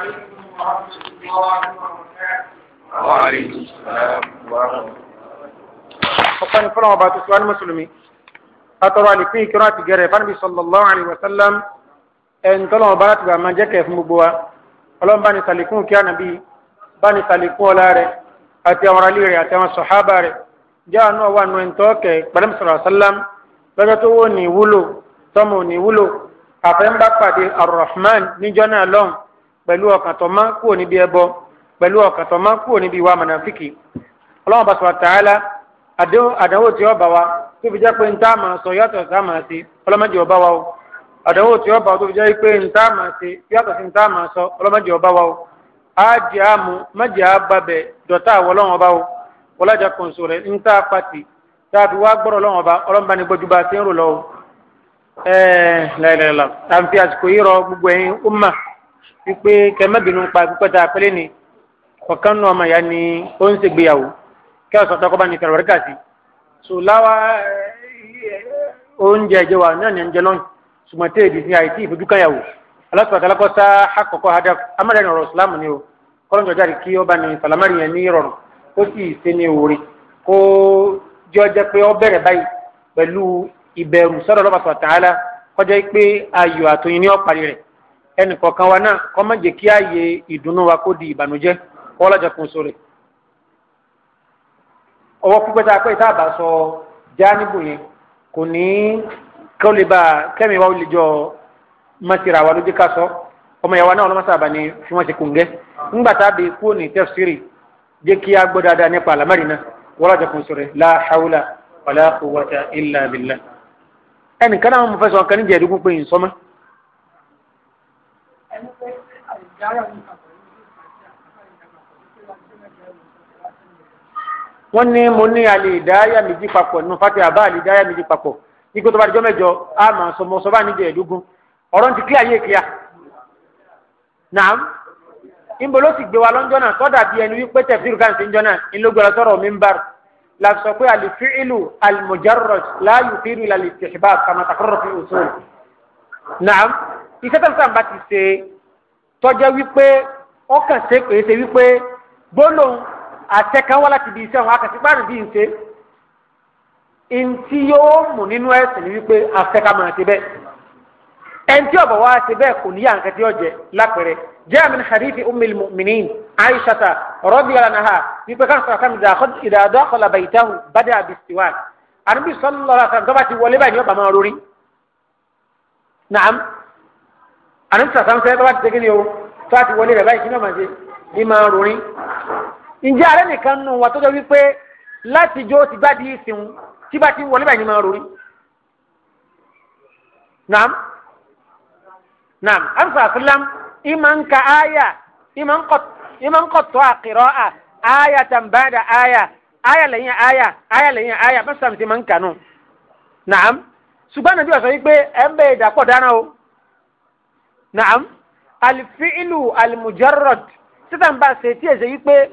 عليكم ورحمة الله وبركاته وعليكم السلام ورحمة الله ọ̀pọ̀ni fọlọ́n ọba tó sọ́wọ́n mùsùlùmí atọ́rọ àlìpín ìkírọ́ àti gẹ̀rẹ̀ fánibí sallallahu alaihi wasallam ọba láti bàmá jẹ́kẹ̀ fún gbogbo wa ọlọ́run bá kí ànàbí bá ní ọlá rẹ̀ àti àwọn ará ilé àti àwọn sọ̀hábà rẹ̀ jẹ́ àánú ọwọ́ àánú ẹ̀ń tọ́ọ̀kẹ̀ pẹ̀lú sọ̀rọ̀ lọ́jọ́ tó wó ní ìwúlò tọ́mọ ní ìwúlò àfẹ́ ń bá pàdé arrahman níjọ́ náà lọ́hùn pẹ̀lú ọkàn tó má kúrò níbi ẹbọ pẹ̀lú ọkàn tó má kúrò níbi ìwà mọ̀nàfíkì ọlọ́run bá sọ̀rọ̀ tààlà àdánwò tí ó bá wa tó fi jẹ́ pé ntá máa sọ yàtọ̀ ntá máa ṣe ọlọ́mọdé ọba wa o àdánwò tí ó bá wa tó fi jẹ́ pé ntá máa ṣe yàtọ̀ sí ntá máa sọ ọlọ́mọdé ọba o àmú dọ̀tà àwọn ọlọ́run o wípé kẹmẹ́bìnú pa pípẹ́ tá a pẹ́lẹ́ ni ọ̀kan nù ọmọ ìyá ni ó ń ṣègbéyàwó kí ọ̀sán tọkọ bá ní fẹ̀rẹ̀ ríkà sí sùláwà eh, oúnjẹ ìjẹ wa náà ní ẹ̀ńjẹ lọ́yìn ṣùgbọ́n tí èdè sí àìsí ìfojúkànyàwó alásùpàtà alákọ́sá àkọ́kọ́ adá amádàní ọ̀rọ̀ ìsìlámù ni o kọ́lọ́njọ́ jáde kí ọba ní sàlámàrì yẹn ní ìrọ̀rùn ó sì ṣe ní òòrè kó jọ jẹ́ pé ó bẹ̀rẹ̀ báyìí pẹ̀lú ìbẹ̀rù sọ́dọ̀ lọ́ba sọ̀tàn á kọjá pé ayọ̀ àtòyìn ní ọ̀parí rẹ̀ ẹnìkọ̀ọ̀kan wa náà kọ́ má jẹ́ kí ààyè ìdùnnú wa kó di ìbànújẹ́ ọlọ́jà kún sórí. ọwọ́ pípẹ́ tá a pẹ́ ìta àbá sọ jáníbù yẹn kò ní kó lè bá kẹ́mi wa ó lè jọ mọ́tìrà wa lójú ká sọ ọmọ ìyàwó náà ọlọ́mọ sábà ni fi wọ́n ṣe kùn gẹ́ ńgbà tá a bè kúrò ní tẹ́fsírì jẹ́ kí a gbọ́ dáadáa nípa àlámárì náà ọlọ́jà kún sórí la hawla wala quwwata illa billah ẹnìkan náà mo fẹ́ sọ ọ̀kan níjẹ̀ẹ́dógún pé ìsọmọ́ ẹni pé àìjára ní ìpàdé wọ́n ní mo ní alẹ́ ìdáyà méjì papọ̀ nínú fati àbá alẹ́ ìdáyà méjì papọ̀ ikú tó bá dijọ́ mẹ́jọ a máa sọ mọ́ sọ́bà níjẹ̀ ẹ̀dógún ọ̀rọ̀ ti kílíà yé kílíà náà níbo ló sì gbé wa lọ́njọ́ náà tọ́dà bíi ẹni wípé tẹ̀síìrù káàntì ń jọ náà ńlọgbọ̀rọ̀ sọ̀rọ̀ mi ń bá la sọ pé àlìfí ìlú àlìmọ̀járọ̀ láàyò fi ìlú ìlàlẹ̀ tẹ̀síbà kàmàtàkọ́rọ̀ fi òṣòwò náà iṣẹ́ tẹ̀síìrù tọ́jọ́ wípé ọkàn ṣe kò ṣe wípé gbólóhùn àtẹkáwá láti ibi iṣẹ́ wọn akàtí pàrọ̀ bí n ṣe ntí yóò mú nínú ẹ̀sìn ni wípé àtẹká máa ṣe bẹ́ẹ̀ ẹnití ọ̀bọ̀ wa ṣe bẹ́ẹ̀ kò níyà nǹkan tí ó jẹ lápẹ̀rẹ̀ jẹ́ àmì hadithi umil mu'minin aishata radiyallahu anha wípé ká sọ̀rọ̀ kan ìdàdọ́ àkọlà baytahu bàdé àbísíwá àdúgbò sọ́nù lọ́la tó bá ti wọlé báyìí ní ọ̀bà máa rórí àdúgbò sàmù sẹ́yìn tó bá ti segin ni o tó a ti wọlé rẹ̀ báyìí kí náà máa ṣe ní máa roni ǹjẹ́ ààrẹ nìkan nù wà tó jọ wípé láti jó ti bá di ìsìn tí bá ti wọlé báyìí ní máa rorin. naam naam àdúgbò àfúlám ìmọ̀ ń ka áyà ìmọ̀ ń kọ̀ tó àkìrọ̀ à áyà tàǹbàdà aya áyà aya aya áyà aya áyà bá sàmùsì máa ń kà nù. naam ṣùgbọ́n nàbí ọ̀sán yìí pé ẹ̀ ń bẹ ìdàpọ̀ dáná o naam alifilu alimujarrod títàn bá ṣe tí èsè yí pé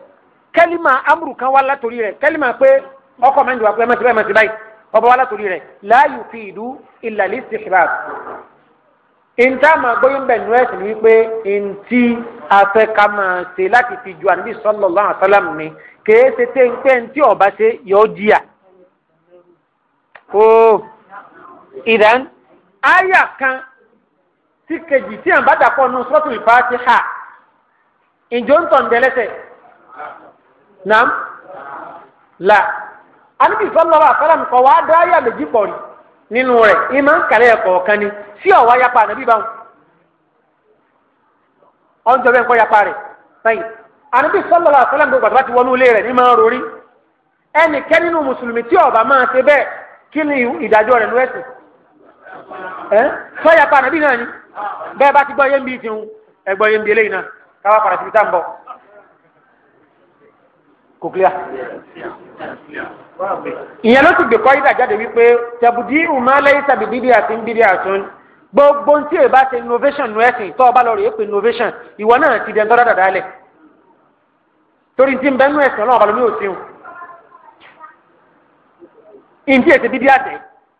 kẹ́límà amúrù kan wá látòrí rẹ̀ kẹ́límà pé ọkọ̀ máa ń jọ àpò ẹ̀mọ́sí báyìí ẹ̀mọ́sí báyìí ọba wá látòrí rẹ̀ láàyò fi ìlú ìlàlí sí ṣìbáà. ìntà máa gbóyún bẹ̀ nú ẹ̀sìn ni wípé ntí afẹ́ká máa ṣe láti fi ju àníbí sallallahu alaihi wasallam ni kèé ṣe tẹ́ ń pẹ́ ntí ọba ṣe yọ jìyà. ìdán áyà kan tí kejì tí àǹbá dàpọ̀ nù sọ́tùlù fàtíhà ìjọ ń tàn dẹ́lẹ́sẹ̀ nàám là àníbi sọ́lọ́wọ́ àfẹ́lẹ́ nǹkan wàá dá ayé àmẹ́jì pọ̀ rí nínú rẹ̀ ìmọ̀ ń kàlẹ́ ẹ̀kọ́ kan ni sí ọ̀wá yapa ànábì báwọn ọ̀njọ́ bẹ́ẹ̀ kọ́ yapa rẹ̀ sẹ́yìn àníbi sọ́lọ́wọ́ àfẹ́lẹ́ nǹkan gbàdúrà ti wọnú ilé rẹ̀ ní máa rorí ẹnikẹ́ni nínú mùsùlùmí tí ó bá máa ṣe bẹ́ẹ̀ kí ni ìdájọ́ rẹ̀ lọ́ẹ̀sìn ẹ́ sọ́yapa ànábì náà ni bẹ́ẹ̀ bá ti gbọ́ yé ń bí tiwọn ẹ gbọ́ yé ń bí eléyìí náà káwá padà síbi tá à ń bọ̀ kò clear. ìyẹn ló ti gbèkọ́ yìí dàjáde wípé tẹ̀bùdí ìmọ̀lẹ́ ìsàbí bíbí àti bíbí àtún gbogbo tí èyí ṣe innovation nu ẹ̀sìn tó o bá lọ rèé pé innovation ìwọ náà ti dẹ̀ ń tọ́ dáadáa lẹ̀ torí ti ń bẹ́ẹ̀ nú ẹ̀sìn ọlọ́run balùwẹ̀ ò sí o ìdí èsì bíbí àtẹ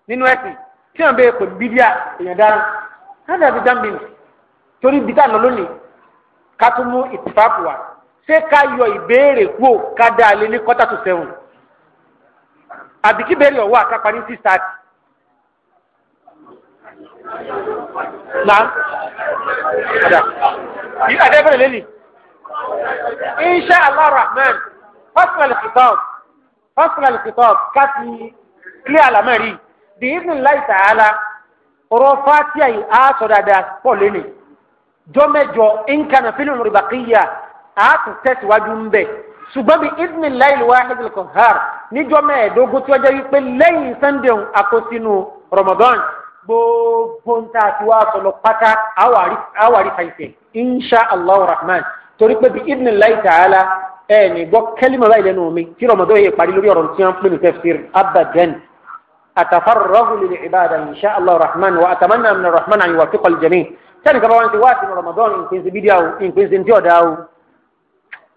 nínú ẹ̀sìn tí wọ́n bẹ́ẹ̀ pè bíbí àtẹ̀yàn dáná hánà àti jambi torí bí tá a lọ lónìí ká tún mú ìtìfáàpù wa ṣé ká yọ ìbéèrè kúò ká dá a lé ní kọ́tà tó sẹ́wọ̀n àbí kí béèrè ọ̀wọ́ àkápá ní six thirty. Naam. Ada. Yi ada bẹ̀rẹ̀ lẹ́ni. Insha Allah Rahman. Personal kitab. Personal kitab. Kasi clear alamari. Bi idhnillahi ta'ala ọ̀rọ̀ fatia yìí a sọ dáadáa pọ̀ lẹ́nu jọ́mẹ́jọ nkànnà fílẹ̀ lórí bàkìyà a tún tẹ̀síwájú ń bẹ̀ ṣùgbọ́n bí ibn lail wahid al-qahhar níjọ́ mẹ́ẹ̀ẹ́dógún tí wọ́n jẹ́ wípé lẹ́yìn sunday akosinu ramadan gbogbo ń tà sí wa sọlọ pátá àwárí fàìfẹ́ insha allah rahman torí pé bí ibn lail ta'ala ẹ̀ ní gbọ́ kẹ́límọ̀ báyìí lẹ́nu mi tí ramadan yẹ parí lórí ọ̀rọ̀ tí wọ́n pè ní tafsir abadan أتفرغ للعبادة إن شاء الله الرحمن وأتمنى من الرحمن أن يوفق الجميع كان كما وانت واتي من رمضان إن كنت بدي أو إن كنت انتو داو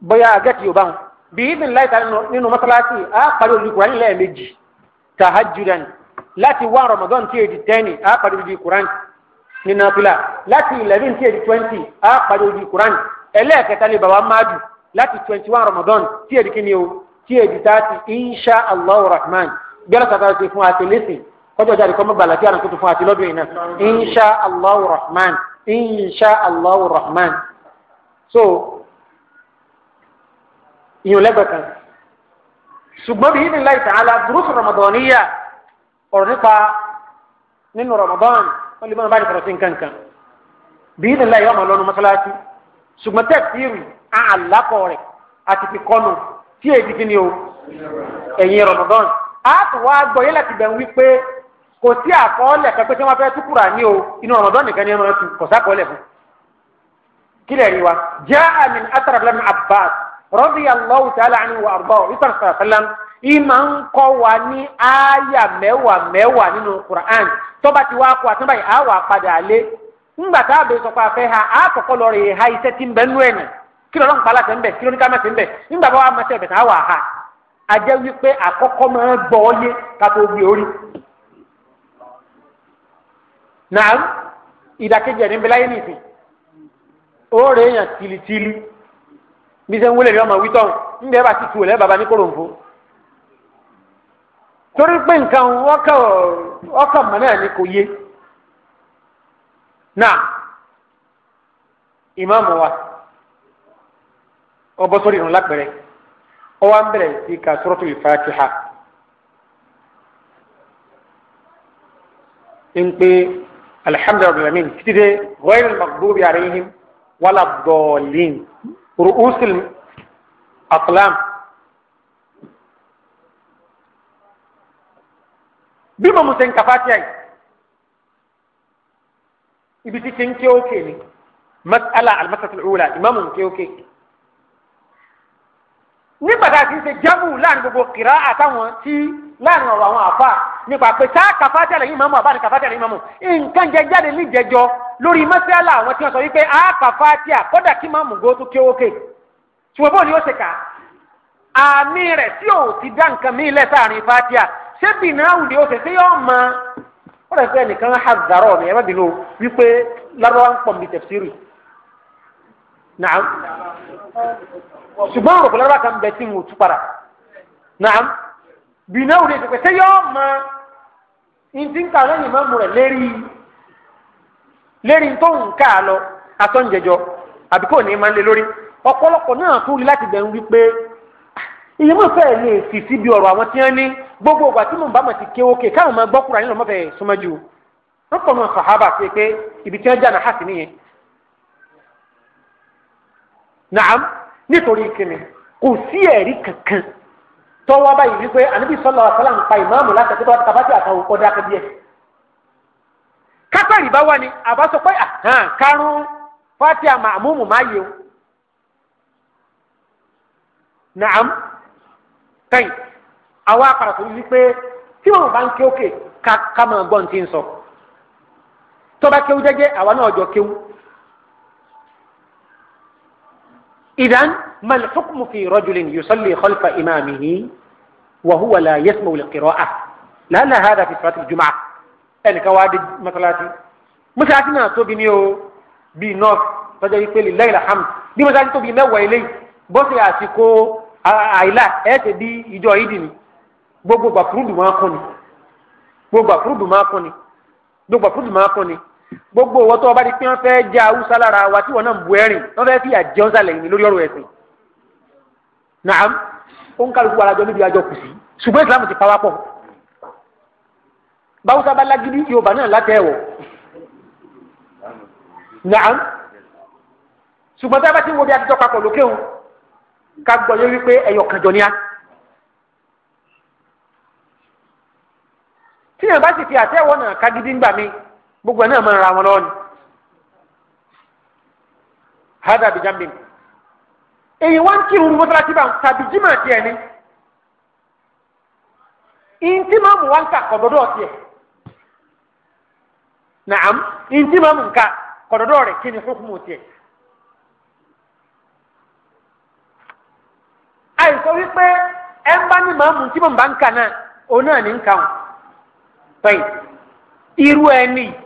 بيا أجت يبان بإذن الله تعالى إنه مصلاتي أقل القرآن لا يمجي تهجدا لا توا رمضان تي تيجي الثاني أقل القرآن من نافلة لا تي تي 11 تيجي 20 أقل القرآن إلا كتالي بابا ماجو لا تي 21 رمضان تي تيجي كنيو تي تيجي تاتي إن شاء الله الرحمن bẹ́ẹ̀ kàtà ti fún àti lẹ́sìn kọjọ́ jáde kọ́ mọ́ gbàlá tí a nà tó fún àti lọ́dún yìí náà insha allahu rahman insha allahu rahman so ìyọ̀n lẹ́gbẹ̀ẹ́ kan ṣùgbọ́n bí ní láì tààlà dúrósù ramadaniya ọ̀rọ̀ nípa nínú ramadan wọ́n lè máa bá ní kọ̀rọ̀ sí nǹkan kan bí ní láì ọmọ lọ́nu mọ́sálásí ṣùgbọ́n tẹ̀síìrì àlàkọ̀ rẹ̀ àti fi kọ́nu tí èyí ti fi ni o ẹ̀yìn ramadan a tún wá gbọ́ yé láti bẹ̀ ń wí pé kò sí àkọọ́lẹ̀ kan tí wọ́n fẹ́ tú Kùránì o inú Ramadan nìkan ni wọ́n tu kò sákọọ́lẹ̀ fún. kílẹ̀ rí wa jaa min athar ibn Abbas radiyallahu ta'ala anhu wa arda ìtàn sàlám ìmọ̀ ń kọ́ wa ní àyà mẹ́wàá mẹ́wàá nínú Kùránì tó bá ti wá kó àtúnbà yìí á padà lé ńgbà tá a bẹ sọ pé a fẹ́ ha á kọ́kọ́ lọ rè ha iṣẹ́ tí ń bẹ nú ẹ̀ nù ajẹ́ wípé àkọ́kọ́ máa ń gbọ́ yé kátó gbé orí. Nàá ìdàkejì ẹ̀ níbi láyé nìsín. Oore èèyàn tìlìtìlì. Bí sẹ́ ń wúlẹ̀ ní ọmọ wítọ́ ń bẹ́ẹ̀ bá ti tu ọ̀lẹ́ bàbá ní kòròǹfò. Torí pé nǹkan náà ni kò yé. wa ọbọ̀ sórí lápẹ̀rẹ̀. او امبري في كسوره الفاتحه ان الحمد لله رب العالمين غير المغضوب عليهم ولا الضالين رؤوس الاقلام بما متن كفاتي اي يبي تي كين كي المساله الاولى امام كي اوكي nígbà tá a ti ń ṣe jámù láàrin gbogbo kìrá àtàwọn tí láàrin ọ̀rọ̀ àwọn àfa nípa pé tá a kàfá tẹ̀lé yín mọ́mọ́ àbá ní kàfá tẹ̀lé yín mọ́mọ́ nǹkan jẹ jáde níjẹjọ lórí mọ́sálà àwọn tí wọ́n sọ wípé a kàfá tí a kọ́dà kí máa mú gbó tó kí ókè ṣùgbọ́n bó ni ó ṣe kà àmì rẹ̀ tí ò ti dá nǹkan mí lẹ̀ sáàrin fatia ṣé bìnnà àwùjọ ó ṣe ṣé yọ ọmọ ó fẹ́ nìkan hàzàrọ̀ ní naam ṣùgbọ́n òròkò lára kan bẹ tí n ò tú padà naam bìnnà òde ìpèpè sẹ yọọ mọ ntí ń kà lẹ́yìn mọ mu rẹ lérí lérí tó ń kà lọ atọ́njẹjọ àbí kò ní máa ń lé lórí ọ̀pọ̀lọpọ̀ náà tún rí láti bẹ̀rù wípé iye mọ̀ fẹ́ẹ̀ lè fi síbi ọ̀rọ̀ àwọn tí wọ́n ní gbogbo ìgbà tí mò naam nítorí kíni kò sí ẹ̀rí kankan tọ́wọ́ báyìí wípé ànábì sọ́lá ọ̀sálà ń pa ìmáàmù láti ẹ̀kọ́ tó tabátì àtàwọn ọkọ̀ dákẹ́ ni kápẹ́rì bá wà ní àhán fatia naam tẹ́yìn awa àpàràtò yìí wípé tí wọn bá ń ké òkè ká máa gbọ́n tí ń sọ. tọ́ba kéwú jẹ́jẹ́ إذا ما الحكم في رجل يصلي خلف إمامه وهو لا يسمع للقراءة لأن هذا في صلاة الجمعة أنا يعني كوادي مثلا مثلاتي توبي نيو بي نوف فجأة يقول لا حمد. دي مثلاتي توبي نيو ويلي بوسي يا سيكو ẹ̀ẹ́tẹ̀ bí دي ìdì ni gbogbo gbàkúrúdù máa kún ni gbogbo gbàkúrúdù máa kún ni gbogbo gbàkúrúdù gbogbo owó tó o bá di pé wọn fẹ́ já haúsá lára wa tí wọn náà ń bu ẹ̀rìn wọn fẹ́ fi àjẹ ọ̀sà lẹ́yìn mi lórí ọ̀rọ̀ ẹ̀sìn naam ó ń kálukú arajọ níbi àjọ kù sí ṣùgbọ́n islam ti pa wá pọ̀ báwùsá bá lágídí yorùbá náà látẹ̀ ẹ̀wọ̀ naam ṣùgbọ́n tí a bá ti wo bí atijọ́ papọ̀ lókè o ká gbọ́ yé wípé ẹ̀yọ̀ kànjọ ni a. tí yẹn bá sì fi àtẹ̀wọ̀ náà ká ń gbà mí gbogbo ẹ̀ náà máa ra wọn lọ́wọ́ ni hada bi jambin èyí wá ń kírun ní mọ́sálásí bá tàbí jimá tiẹ̀ ni ìntì máa mú wá ń kà kọ̀dọ̀dọ̀ tiẹ̀ naam ìntì máa mú ń kà kọ̀dọ̀dọ̀ rẹ̀ kí ni hukumu tiẹ̀. àìsọ wípé ẹ ń bá ní màmú tí màmú bá ń kà náà òun náà ní ń kà wọn. irú ẹni yìí.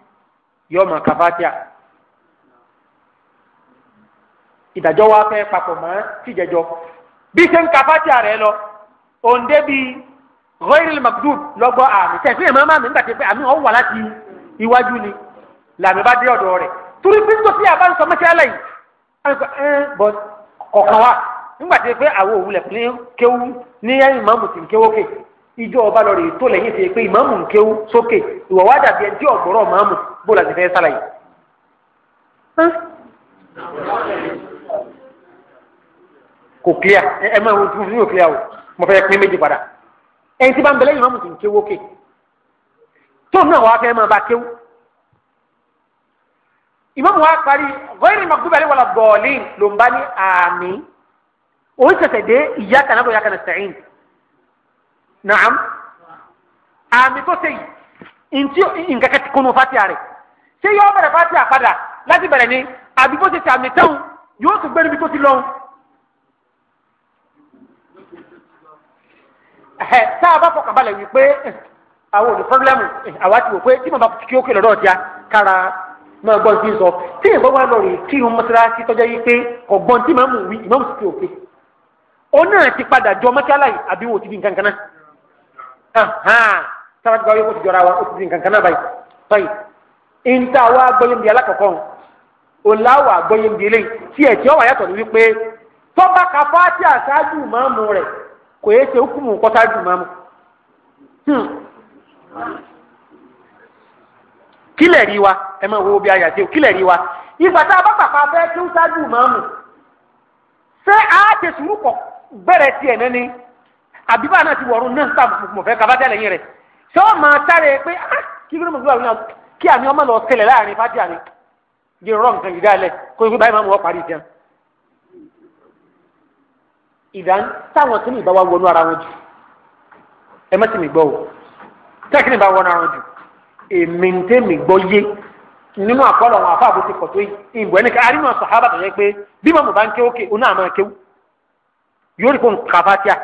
yóò máa ka fatia ìdájọ́ wa fẹ́ papọ̀ mọ́ tìjẹjọ́ bí ṣe ń ka fatia rẹ lọ òǹdé bíi ghayril magdub lọ́gbọ́ àmì tẹ̀sí ẹ̀ máa máa mi ń gbàgbé pé àmì ọ̀ wà láti iwájú ni làmì bá dé ọ̀dọ̀ rẹ̀ torí bí tó sí àbánsọ mẹ́sàlá yìí àgbà ẹ̀ bọ̀ kọ̀ọ̀kan wa nígbà tí pé àwọn òwúlẹ̀ ní kéwú ní ẹ̀yìn ìmáàmù tí kéwó kè ìjọ ọba lọ rè tó lẹ́yìn ti pé ìmáàmù ń kéwú sókè ìwọ̀wá dàbí ẹjẹ́ ọ̀gbọ́rọ̀ ìmáàmù bó la ti fẹ́ sálàyé. kò clear ẹ máa wo tuntun yóò clear o mo fẹ́ pín méjì padà ẹni tí bá ń bẹ lẹ́yìn máa mú ti ń kéwó ké tóun náà wàá fẹ́ máa bá kéwó ìmáàmù wa parí ghayril maghdubi alayhim wala ddallin ló ń bá ní àmì òun ṣẹ̀ṣẹ̀ dé iyyaka na'budu wa iyyaka nasta'in na'am àmì tó ṣe nǹkan kẹ́kẹ́ kúnnú fatiha rẹ̀ ṣé yóò bẹ̀rẹ̀ fati àpadà láti bẹ̀rẹ̀ ni àbí bó ṣe sàmì tán yóò tún gbé níbi tó ti lọ. tá a bá fọkàn balẹ̀ wípé àwọn òní pọ́blẹ́mù àwa ti wò pé tí mo bá kí ó kí lọ́dọ̀ ọjà kára máa gbọ́n tí ń sọ tí ìbọn wa lọ rè kí n mọ́sálásí tọ́jọ́ yìí pé ọ̀gbọ́n tí màá mú wí ìmọ̀ sí ti òkè òun náà ti padà jọ mọ́sálá yìí àbí wo ti di nǹkan kan náà sábà tí wàá yọ kó ti jọra wa ó ti di nǹkan kan náà báyìí nta wa gbọ́yìn di alákọ̀ọ́kọ́ ọ̀la wa gbọ́yìn di eléyìí tí ẹ̀ tí ó wà yàtọ̀ ní ka fáti àṣáájú mamu rẹ̀ kò yẹ ṣe hukumu kọ́sáájú màmú. Hmm. kílẹ̀ rí wa ẹ máa wo bí a yàtọ̀ wa ìgbà tá a bá pàpà fẹ́ kí ó ṣáájú màmú ṣé àájẹ sùúrù kọ̀ bẹ̀rẹ̀ àbíbá ti náà mọ̀fẹ́ kaba yín rẹ̀ pé ah, kí ló kí àmì ọmọ lọ ṣẹlẹ̀ láàrin fájì àní di rọ nǹkan yìí dálẹ̀ kó ibi báyìí máa mú ọ parí jẹun. ìdán táwọn tí mi wa wọnú ara wọn jù ẹ má sì mi gbọ́ o tẹ́kì mi bá wọnú ara wọn jù èmi ń tẹ́ mi gbọ́ yé nínú àkọọ́lọ̀ àwọn afá àbòsí pọ̀ tó yìí ìbò ẹnìkan arínú ọ̀sán sábà tó yẹ pé bí màmú bá ń ké òkè oná àmọ́ kéwú yóò rí kó ń kà fátíà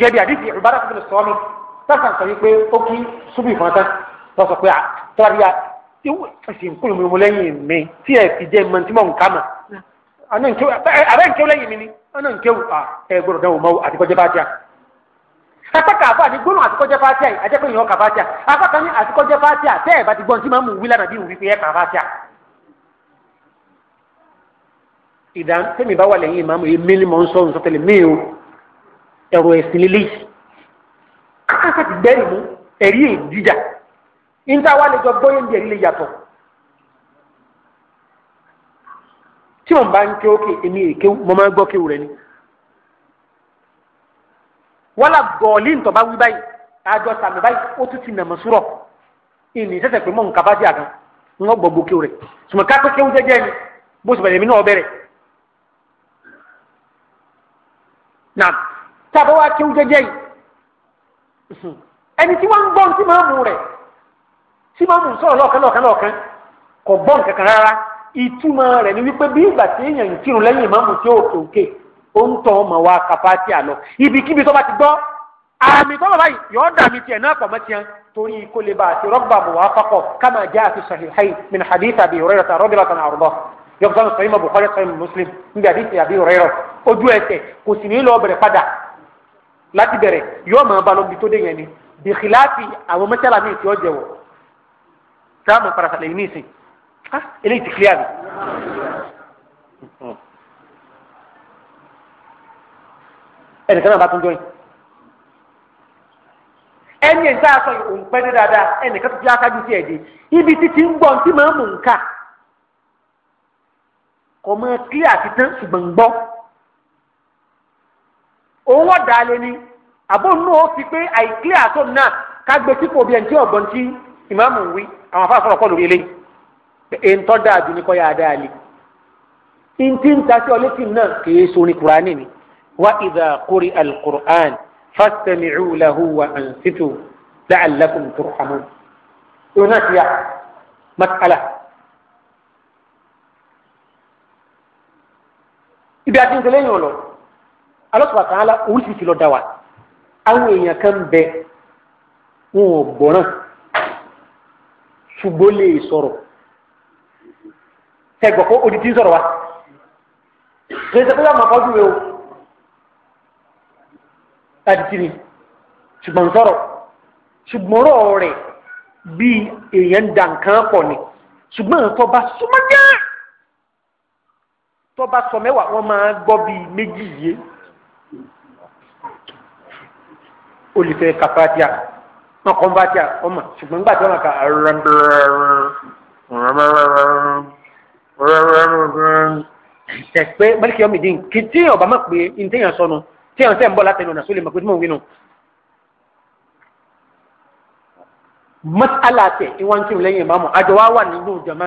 gẹ́gẹ́ bí àdìsí ìbára fún mi sọ́ọ́ mi sásà sọ wípé tọ́sọ pé àtọ́ríà ah, tí ó sì ń kúrò mímú lẹ́yìn mi tí ẹ fi jẹ́ mọ́ tí mò ń ká mà àbẹ́ ń kéwù lẹ́yìn mi ni ọ̀nà ń kéwù ah, ẹ gbọ́dọ̀ dánwò mọ́ àtikọ́jẹ́ bá tíà apáka àfa àti gbóná àtikọ́jẹ́ bá tíà yìí ajẹ́pẹ́ ìyàn ọkà bá tíà apáka ní àtikọ́jẹ́ bá tíà tẹ́ ẹ̀ bá ti gbọ́n tí máa mú wí lánàá bí wí pé ẹ̀ kà bá tíà. ìdá tẹ́mi bá wà lẹ́yìn ìmáàmù yìí mílí mọ́ ń sọ ń sọ mí o ẹ̀rọ ẹ̀sìn lílé yìí kákàtà gbẹ́rì mú ẹ̀rí èdìjà inta wà lè jọ gbóyè yato ẹ̀rí lè yàtọ̀ tí wọn bá ń ké ókè èmi èké mo ni wọ́lá gọ̀ọ́lì ń tọ́ba wí bai àjọ sàmì báyìí ó tún ti nàmọ̀ sùrọ̀ ìní sẹ́sẹ̀ pé mọ̀ nǹkan bá jẹ́ àgán ń wọ́n gbọ́ gbókè rẹ̀ sùmọ̀ ká pé kéwù jẹ́jẹ́ ni bó sì bẹ̀rẹ̀ mi náà bẹ̀rẹ̀ náà tábọ̀ wá kéwù jẹ́jẹ́ yìí ẹni tí wọ́n ń gbọ́ mú rẹ̀ tí máa mú sọ̀rọ̀ lọ́ọ̀kan lọ́ọ̀kan lọ́ọ̀kan kò gbọ́ nǹkan kan rárá ìtumọ̀ rẹ̀ ni wípé bí ìgbà tí èèyàn ń kírun lẹ́yìn ìmáàmù tí ó kéèké ó ń tọ́ ọmọ wa kàfáàtì àlọ́ ibikíbi tó bá ti gbọ́ àmì tó bàbá yìí yọ̀ọ́ dà mí tiẹ̀ náà pọ̀ mọ́ tiẹ̀ torí kó lè bá àti rọ́gbà bò wá fọ́kọ̀ kama jaa fi sahihayn min hadith Abi Hurayrah radiyallahu anhu àrùbọ̀ yọ̀gbọ́n sọ yìí mọ̀ Bukhari sọ yìí Muslim níbi hadith Abi Hurayrah ojú ẹsẹ̀ kò sì ní lọ bẹ̀rẹ̀ padà láti bẹ̀rẹ̀ yọ̀ọ́ máa bá lọ́bi tó dé yẹn ni bìkìláàfì àwọn mẹ́tẹ́lá mi ti ọ́ jẹ̀wọ̀ táàmù padà sàlẹ̀ yìí ní ìsìn ah eléyìí ti náà bá tún jọ yìí ẹni ẹ̀ tá aṣáájú sí ẹ̀dí ibi títí ń gbọ́ tí mú nǹka kò mọ tán ṣùgbọ́n gbọ́ òun lé ní ó fi pé náà ká gbé bí ẹni tí ọ̀gbọ́n ìmáàmù wí àwọn afáà sọ̀rọ̀ kọ́ lórí eléyìí èntọ́ dáàbì ní kọ́yà dáàlì ntí ń tasí ọlẹ́tì náà kìí sori kuraani ni wa idà kórè alukur'an fásitẹ̀mìcú lahu wa ansitu la'allakum turhamun. ìwọ̀n náà ti yà mas'ala. ibi àti ntẹ̀lẹ́ yìí lọ alọ́sọ̀rọ̀ kan á la oríṣiríṣi lọ dá wa àwọn èèyàn kan bẹ wọn ò gbọ́ràn ṣùgbọ́n lè sọ̀rọ̀ tẹ̀gbọ́ kó odidi sọ̀rọ̀ wa kì í ṣe pé yóò máa o adidi ni ṣùgbọ́n sọ̀rọ̀ ṣùgbọ́n rọ̀ rẹ̀ bí èèyàn dà nǹkan pọ̀ ni ṣùgbọ́n tó bá súnmọ́ gán tó bá sọ mẹ́wàá wọ́n máa gbọ́ bíi méjì yìí olùfẹ́ kàfáàdìà wọn kọ́ ń bá tí a wọ́n mọ̀ ṣùgbọ́n nígbà tí wọ́n kà tẹ̀ pé mẹ́lìkì ọmọ ìdí kì tí ọba mọ̀ pé ìtẹ̀yàn sọnù tí àwọn tẹ̀ ń bọ̀ látẹnu ọ̀nà sólè mọ̀ pé tí mò ń wí nù. masala tẹ ìwọ́n tí ò lẹ́yìn ìmáàmù àjọ wa wà nínú ìjọba.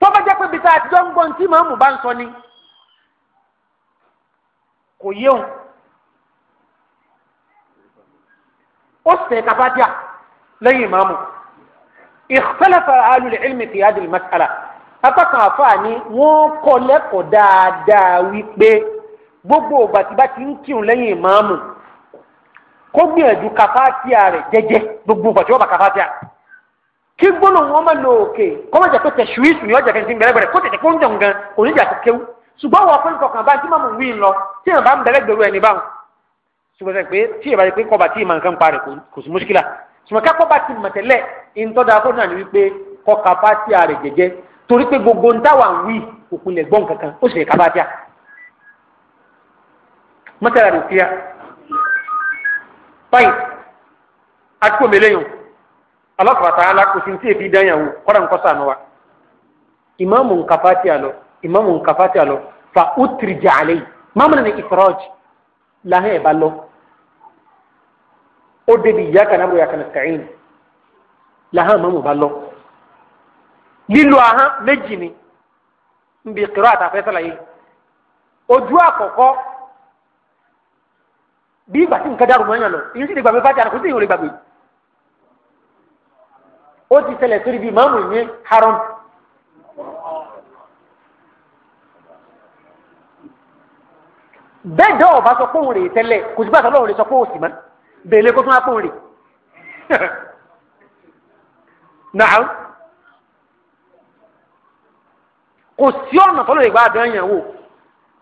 tó bá jẹ́ pé bíi tá a ti jọ ń gbọ́n tí màmú bá ń sọ ni kò yéwòn. ó sì tẹ̀ka fatiha i ìmáàmù ikhtalafa alul ilmi fi hadhihi al-mas'ala apákan àfààní gbogbo ìgbà tí bá ti ń kírun lẹ́yìn ìmáàmù kó gbìyànjú rẹ̀ jẹ́jẹ́ gbogbo ìgbà tí wọ́n bá ka kí gbóná wọn má lo òkè jẹ́ pé ni ọjà kẹ́ntì gbẹrẹgbẹrẹ kó tètè kó ń jẹun gan oníjà kékeré ṣùgbọ́n wọ́n fẹ́ bá wí lọ tí yàrá bá ń bẹ̀rẹ̀ gbèrú ẹni báwọn sọgbọnsẹ pé tí ìbá yẹ pé kọba tí ìmọ̀ nǹkan parí kò sí mùsùkìlà sọgbọn ká kọba tí mọ̀tẹ́lẹ̀ ìtọ́jà fún náà ni wípé kọka pàtí àrẹ jẹjẹ torí pé gbogbo ntáwà ń wí òpinlẹ̀ gbọ́n kankan ó sì lè kábàá tíà mọ́tẹ́lá rẹ̀ tíà báyìí àtúkò mélèyàn alọ́kọ̀ọ́ta alákòóso tí èfi dáyà wò kọ́ra nǹkan sànù wa ìmáàmù nǹka pàtí àlọ́ ìmáàmù nǹka pàtí àlọ́ fa ó tìrìjà àlẹ́ yìí máàmù nínú ìfọ̀rọ̀jì láhẹ́ ẹ̀ bá lọ ó débi iyyaka na'budu wa iyyaka nasta'in làhán mọ́mù bá lọ. lílo ahán méjì ni nbí kírọ́ àtàfẹ́ sàlàyé ojú àkọ́kọ́ bí ìgbà tí nǹkan dárò mọ́ ẹ̀yàn lọ èyí sì lè gbàgbé fàtí àkóso ìhòòrè gbàgbé ó ti ṣẹlẹ̀ sórí bíi mọ́mù yẹn haram. bẹ́ẹ̀ dọ́ọ̀ bá sọ pé òun rèé tẹ́lẹ̀ kò sí gbàtọ́ lọ́wọ́ rèé sọ pé òsì máa bèlè kó tún apò rè náà kò sí ọ̀nà tó lè gbà dán yẹn wò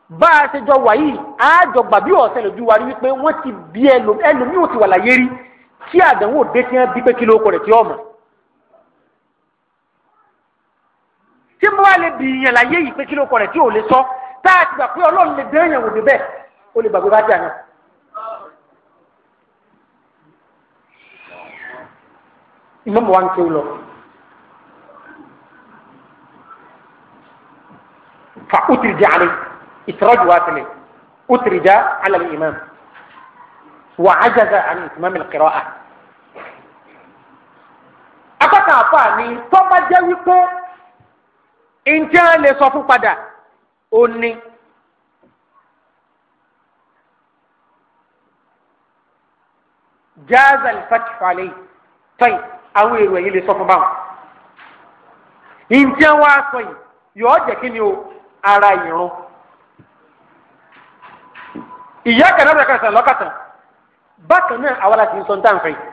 bá a ṣe jọ wàyí àjọ gbàbí ọ̀sẹ̀ lójú wa rí wípé wọ́n ti bí ẹlòmíì ò ti wà láyé rí tí àdánwò dé tí wọ́n bí pé kí ló kọ̀ rẹ̀ tí ọ̀mọ̀. tí mo wá lè bì yàn láyé yìí pé kí ló rẹ̀ tí ò lè sọ tá ti gbà pé ọlọ́run lè dán yẹn débẹ̀ ó lè gbàgbé bá dà náà. imam wa ń kéwù lọ. fa utirija ale ìtọ́jú wa tẹ̀lé utirija alẹ́ imam wa ajaza ani imam kẹrọ a. akọ́ta àfa ni tọ́ba jẹ́ wípé ǹjẹ́ lè sọ fún padà ó ní. جاز الفتح عليه طيب àwọn èrò ẹ̀yìn lè sọ fún báwọn. ìǹtí wa sọ yìí yọ̀ọ́ jẹ́ kí ni o ara ìrun. ìyá kan náà kàtà lọ́kàtà bákan náà àwa láti sọ ní tàǹfẹ̀ yìí.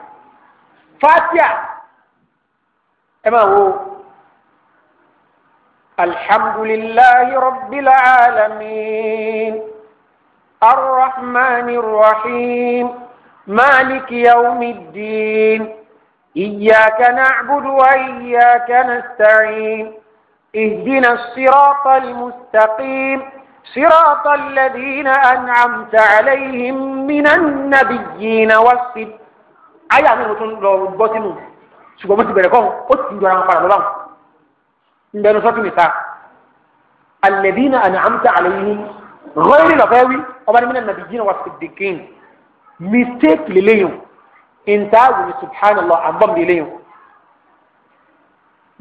fatia ẹ máa wo alhamdulillahi rabbil alamin arrahmanir rahim maliki yawmiddin. إياك نعبد وإياك نستعين اهدنا الصراط المستقيم صراط الذين أنعمت عليهم من النبيين والصد أي أمير تون لو بوتينو شو بمسي بركون أتين جوران فارا لبان لأنه صوت مساء الذين أنعمت عليهم غير لفاوي أمير من النبيين والصدقين ميستيك لليهم intaagu ni subhanallah an bɔm lile yin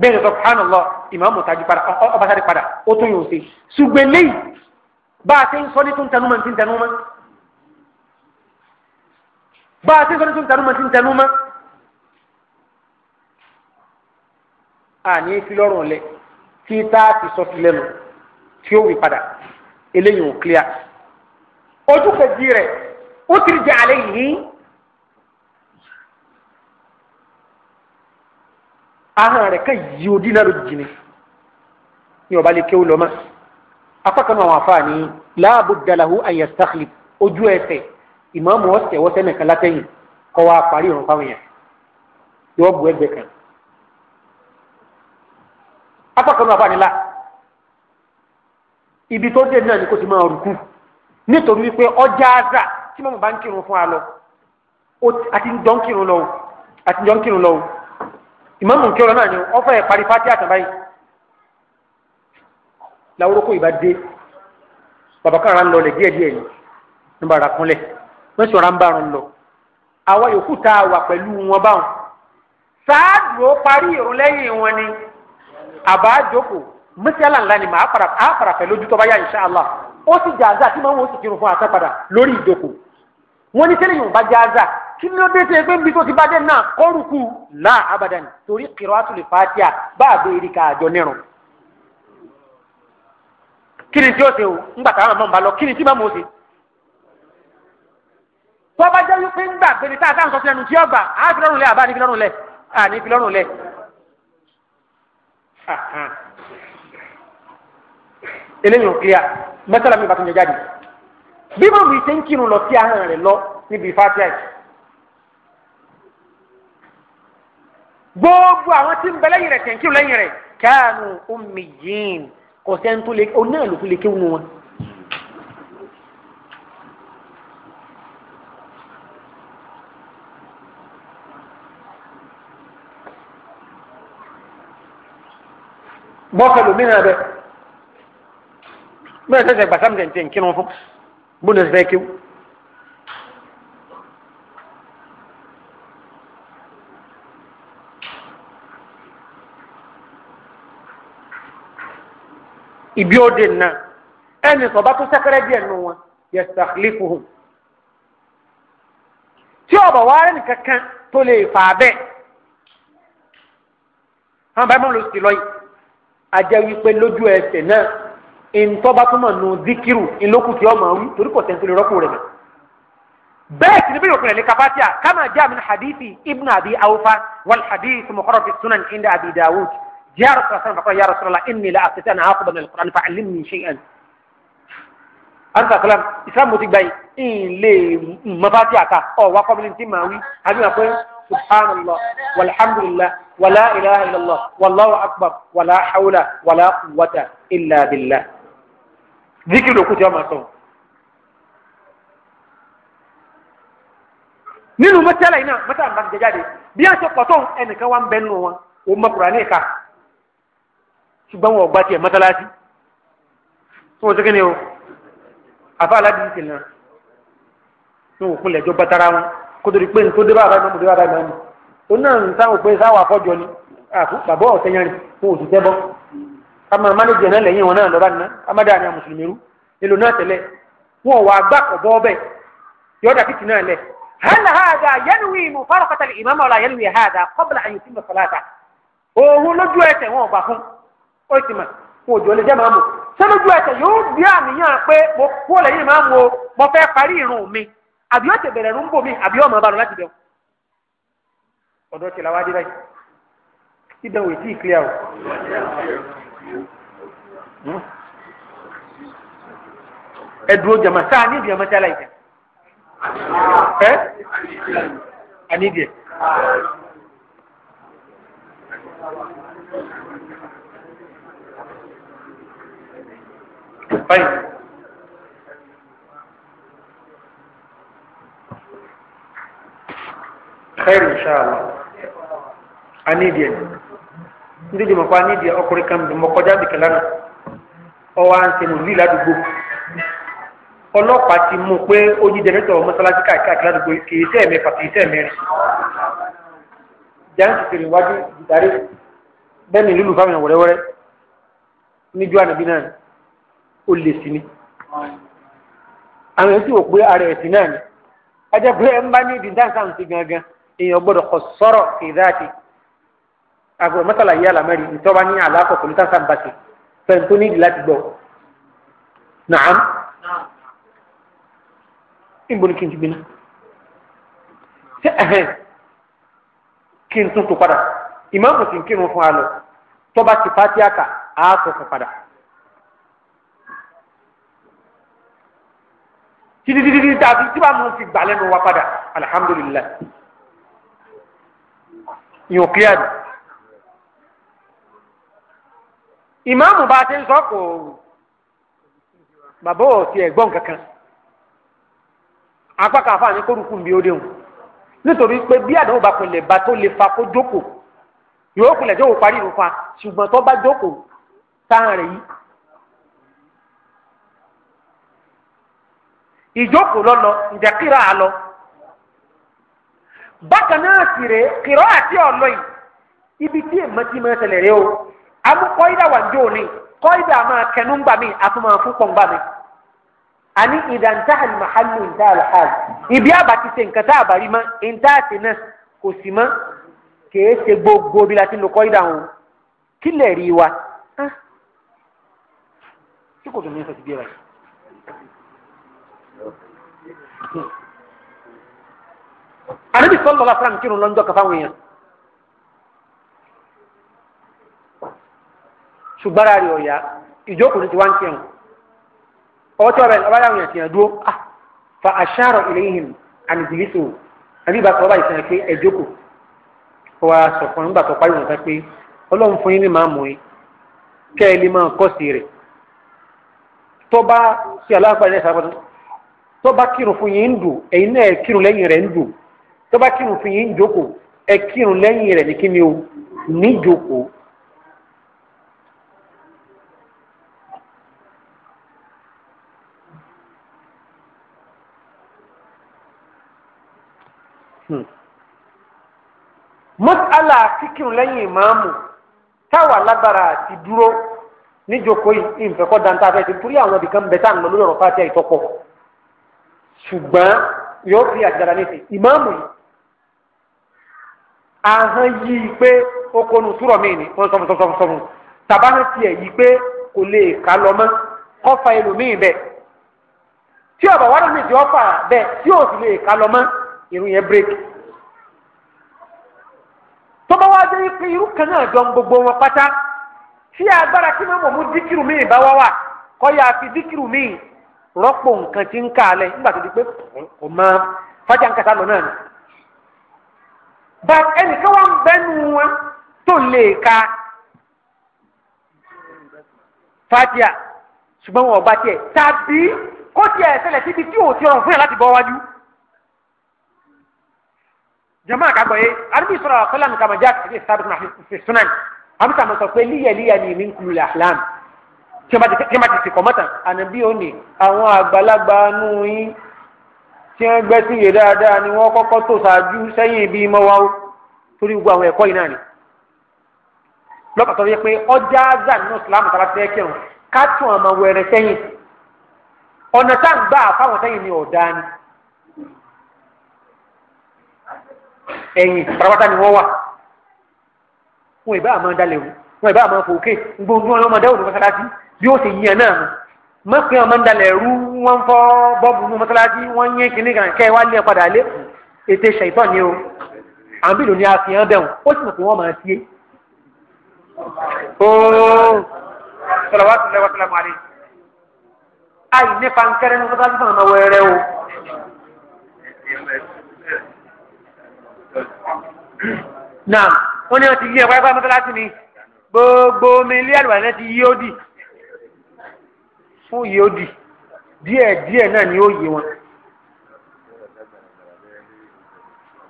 bɛn subhanallah imaamu taji para ɔba taji para o tun y'o se ṣùgbọ́n lèyí baasi sɔli tun tanu ma tun tanu ma baasi sɔli tun tanu ma tun tanu ma a ni filɔrun lɛ k'i taa ti sɔ filɛ nu tí o wí padà eléyìí ò clear ojú kejì rẹ̀ ó tiri jẹ alẹ́ yìí. ahọ́n rẹ̀ ká yí odi náà lójijì ni ní ọba lè kéwù lọ́mọ apá kan àwọn afáàní láàbù dalahu ayastakhlif ojú ẹsẹ̀ ìmáàmù ọ̀sẹ̀ wọ́sẹ̀ nìkan látẹ̀yìn kọ́ wa parí ìrùn fáwọn yẹn yọ bu ẹgbẹ́ kan apá kan àwọn afáàní la ibi tó dé náà ni kò ti máa rùkú nítorí wípé ọjà àzà tí mọ̀mọ́ bá ń kírun fún wa lọ àti jọ ń kírun lọ́wọ́ àti jọ ń kírun lọ́wọ́ ìmáàmù nkẹrọ náà ni ọfẹ ìparí pátí àtàbá yìí làwòrókò ìbá dé bàbá kan ara ń lọlẹ díẹ̀díẹ̀ ni ní bàrà kúnlẹ̀ wọn sọra ń bàrùn lọ àwa yòókù tá a wà pẹ̀lú wọn báwọn sáàdù ó parí ìrún lẹ́yìn wọn ni àbá jókòó mẹsàlá ńlá ni màá fara á fara pẹ̀lú tó bá yá inṣàlá ó sì jàzá tí màá wọn ó sì kírun fún àtàpadà lórí ìjókòó wọn ní ṣẹlẹ̀ yìí wọn bá jàzá. kí ló dé tẹ pé ti bàjẹ́ náà kọ́rùkù là abadan torí kìrọ́tù lè fàtíà bá a béèrè ká àjọ nírun. kí ni tí o ńgbà táwọn àmọ́ ń bá lọ kí ni tí máa mú o ṣe. tọ́ba jẹ́ wípé ńgbà gbèrè tá a sáà ń sọ sí ẹnu tí ó á fi lọ́rùn lẹ̀ àbá ní fi lọ́rùn lẹ̀ à ní fi lọ́rùn lẹ̀. eléyìí ò lọ sí ahọ́n rẹ̀ gbogbo àwọn tí ń bẹ lẹ́yìn rẹ̀ tẹ̀ǹkì lẹ́yìn rẹ̀ káànù ummiyin kò sẹ́ni tó lè òun náà ló fi lè kéwòn wọn. bọ́ọ̀kà lómi náà bẹ́ẹ̀ bẹ́ẹ̀ sẹ́sẹ̀ gbàsámi tẹ̀ǹkì náà fún bóun náà kéwòn. ibi ó dé nà ẹni sọba tó sẹkẹrẹ díẹ̀ nù wọn yastakhlifuhum tí ọba wàá rẹ nìkankan tó lè fà bẹ́ẹ̀ àwọn báyìí máa lọ sí lọ́yìn ajá wípé lójú ẹsẹ̀ náà ìǹtọ́ba tó mọ̀ nù díkìrù ìlókùtì ọmọ wí torí kò sẹ́ńtò lè rọ́pò rẹ̀ mọ́ bẹ́ẹ̀ sì yòókù rẹ̀ lè kapatia kama jaa min hadithi ibnu abi awfa wal hadith mukhraf sunan inda abi dawud. جاء رسول الله يا رسول الله إني لا أستطيع أن أقبل القرآن فعلمني شيئا أنت قال إسلام بوتيك إن لي مفاتيح كا أو وقبل انتي ماوي هذه أقول سبحان الله والحمد لله ولا إله إلا الله والله أكبر ولا حول ولا قوة إلا بالله ذكر لك جامعة نينو متى لينا متى عم بتجادي بيا شو قطون إنك وان بنوا وما قرانك ṣùgbọ́n wọn ò gbá tiẹ̀ mọ́tálásí tó wọ́n ti kíni o àfa aládìsí ti nà tó wọ́n kúnlẹ̀ jọ gbàtara wọn kó tó di pé nítorí bá àbá ìmọ̀mù tó bá àbá ìmọ̀mù tó náà ń sáwọn pé sáwọn afọ́jọ ni bàbá ọ̀sẹ̀ yẹn rìn fún òsì tẹ́bọ́ ká máa mánéjì náà lẹ́yìn wọn náà lọ́ba nínú amádáà ni àmùsùlùmí rú èlò náà tẹ̀lé wọn wà gbà ọ̀bọ ọbẹ̀ yọ̀ọ́dà fìtì náà lẹ̀ hàn hàdà yẹnuwi mufarakata ìmáàmù ọ̀la yẹnuwi hàdà kọ́bìlà àyùsí ó ti mà wọn ò jọ lè jẹ́ màmú sẹ́lójú ẹsẹ̀ yóò bí àníyàn pé mo kú lẹ́yìn màmú o mo fẹ́ parí ìrun mi àbí ọ̀tẹ̀ bẹ̀rẹ̀ ń bò mí àbí ọmọ bá lọ láti bẹ̀rù ọ̀dọ́ ti la wá dé báyìí wò tí ì clear o. Hmm? ẹ dúró jẹ̀mọ̀ sáà ní ìdí ọmọ tí a láì jẹ. ẹ àní ìdí ẹ. طيب خير إن شاء الله أنيديا ndé jùmọ̀ pa nídìí ọkùnrin kan dùn mọ́ kọjá bìkan lánàá ọwọ́ à ń sẹ́nu rí ládùúgbò ọlọ́pàá ti mú pé ó jí dẹ́rẹ́tọ̀ mọ́sálásí káàkiri ládùúgbò kì í sẹ́ẹ̀ mẹ́fà kì í sẹ́ẹ̀ mẹ́rin jáǹtì tèrè wájú ìdarí bẹ́ẹ̀ ni lílù fáwọn èèyàn wẹ́rẹ́wẹ́rẹ́ níjọ́ ànàbí náà ó lè sí ni àwọn èyí tí ò pé ara ẹ̀sìn náà ni ajá pé ẹ ń bá ní ìdíńtàǹtà ń ti gangan èèyàn gbọ́dọ̀ kọ àgbẹ̀ mọ́tàlá yìí àlámẹ́rin ìtọ́ba ní ti ní ìdí láti gbọ́ nàám ni kí n ti gbiná ṣé kí n tún tó padà fún alọ tọ́ba ti fàtíàkà á sọ títí títí títí tàbí tí fi gbà lẹ́nu wa padà alihamudulilayi yóò kílíà dùn. ìmáàmù bá a ti ń sọ kò bàbá ò tiẹ̀ gbọ́n kankan apá kan àfa ní kórukù bí ó déhùn nítorí pé bí àdánwò bá pinlẹ̀ bá tó lè fa kó jókòó yóò pinlẹ̀ jókòó parí ìrùfà ṣùgbọ́n tó bá jókòó táà rẹ̀ yìí ìjókòó lọ́lọ́ ǹjẹ́ kíra àlọ́ bákan náà sì rè kìrọ́ àti ọ̀lọ́ yìí ibi tí èèmọ́ ti máa ṣẹlẹ̀ rẹ o amú kọ́ídà wà jó ni kọ́ídà máa kẹnu gbà mí àtúmọ̀ fún pọ̀ngbà mi àní ìdàntà àlùmọ̀hálù ìdá àlùhàl ibi àbá ti ṣe nǹkan tá a bàrí mọ́ ìdá àti náà kò sí mọ́ kèé ṣe gbogbo bí láti lo kọ́ídà wọn kí lè rí wa. tí kò tó ní sọ ti bí ẹ báyìí. àdébí sọ́lọ́ lásán kírun lọ́jọ́ kàfáwọn èèyàn ṣùgbọ́n ara rẹ̀ ọ̀yà ìjókòó ní ti wá ń kírun ọwọ́ tí ọba ọba yàwọn èèyàn ti yàn dúró ah fa àṣàrọ̀ ìlẹ́yìn ànìjìlísò àbí ìbá sọ́ba ìsìn pé ẹ jókòó wa sọ fún nígbà tó parí wọn sá pé ọlọ́run fún yín ní màá mú yín kẹ́ ẹ lè máa kọ́ sí rẹ̀ tó bá ṣe aláǹfààní ẹ̀ sábà tó tó bá kírun fún yín ń dùn ẹ̀yin náà kírun lẹ́yìn rẹ̀ ń dùn tó bá kírun fún yín ń jókòó ẹ kírun lẹ́yìn rẹ̀ ní kíni o níjókòó. mọ́sálà hmm. kíkírun lẹ́yìn ìmáàmù táwa lágbára àti dúró níjókòó yìí ìfẹ́kọ́ ti torí àwọn ibìkan bẹ̀ tá à ń lọ lórí ọ̀rọ̀ fáti àìtọ́pọ̀ ṣùgbọ́n yóò fi àjàrà nísìn ìmáàmù yìí ahọ́n yìí pé okonu túrọ̀ mí ni wọ́n sọ̀rọ̀ sọ̀rọ̀ sọ̀rọ̀ tàbá hàn tiẹ̀ yìí pé kò lè kà lọ mọ́ kọ́fà ẹlòmíì bẹ́ẹ̀ tí ọ̀bà wàrà mi ti ọ̀fà bẹ́ẹ̀ tí ò sì lè kà lọ mọ́ irun yẹn bírèkì tọ́ba wá dé pé irú kan náà dán gbogbo wọn pátá tí agbára kí mọ́mọ́ mú díkìrù míì bá wá wà kọ́ yà fi díkìrù míì rọ́pò nǹkan tí ń kàálẹ̀ nígbà tó di pé kò mọ fájà ń lọ náà ni. but ẹnìkan wà ń bẹ́nu wọn tó lè ka fájà ṣùgbọ́n wọn ò bá tiẹ̀ tàbí kó tiẹ̀ ṣẹlẹ̀ síbi tí ò ti rọrùn fún yàrá láti bọ́ wájú. jama kagbọ ye alibi sọ̀rọ̀ akọlami kama jaa kati sábẹ sọnà fi sunan sọ pé liya ni min kulu la alam tí wọ́n ti sìnkọ́ mọ́tà ànábì òní àwọn àgbàlagbà nù yín tí wọ́n gbẹ́ sí iye dáadáa ni wọ́n kọ́kọ́ tó ṣáájú sẹ́yìn ibi mọ́wá ó torí gbogbo àwọn ẹ̀kọ́ yìí náà ni. lọ́pàá tó yẹ pé ọjà àgbà nínú ìsìlámù tàbá ti ẹ̀kẹ́ wọn ká tún àmọ́ wẹ̀rẹ̀ sẹ́yìn ọ̀nà tá à ń gbà fáwọn sẹ́yìn ni ọ̀dá ni. ẹ̀yìn parapata ni wọ́n wà wọn ì bí ó ti yẹn náà mọ̀kì ọmọ ndalẹ̀ rú wọn fọ́ bọ́ọ̀bù ní mọ́sálásí wọ́n yẹn kìíní kan kẹ́ ẹ wá lé padà lé ètè ṣàìtọ́ ni o àbílò ni a fi hàn bẹ́ẹ̀ ó sì mọ̀ pé wọ́n máa ti é. sọ̀rọ̀ wá sílẹ̀ wá sílẹ̀ mọ́ àlè. àì nípa nkẹ́rẹ́ ní mọ́sálásí fún ọmọ wẹ́rẹ́ o. náà wọ́n ní wọ́n ti yí ẹ̀kọ́ ẹ̀kọ́ mọ́sálásí mi gbogbo mílíọ̀nù àná ti yí ó dì. fún yìí ó dì díẹ̀ náà ni ó yé wọn.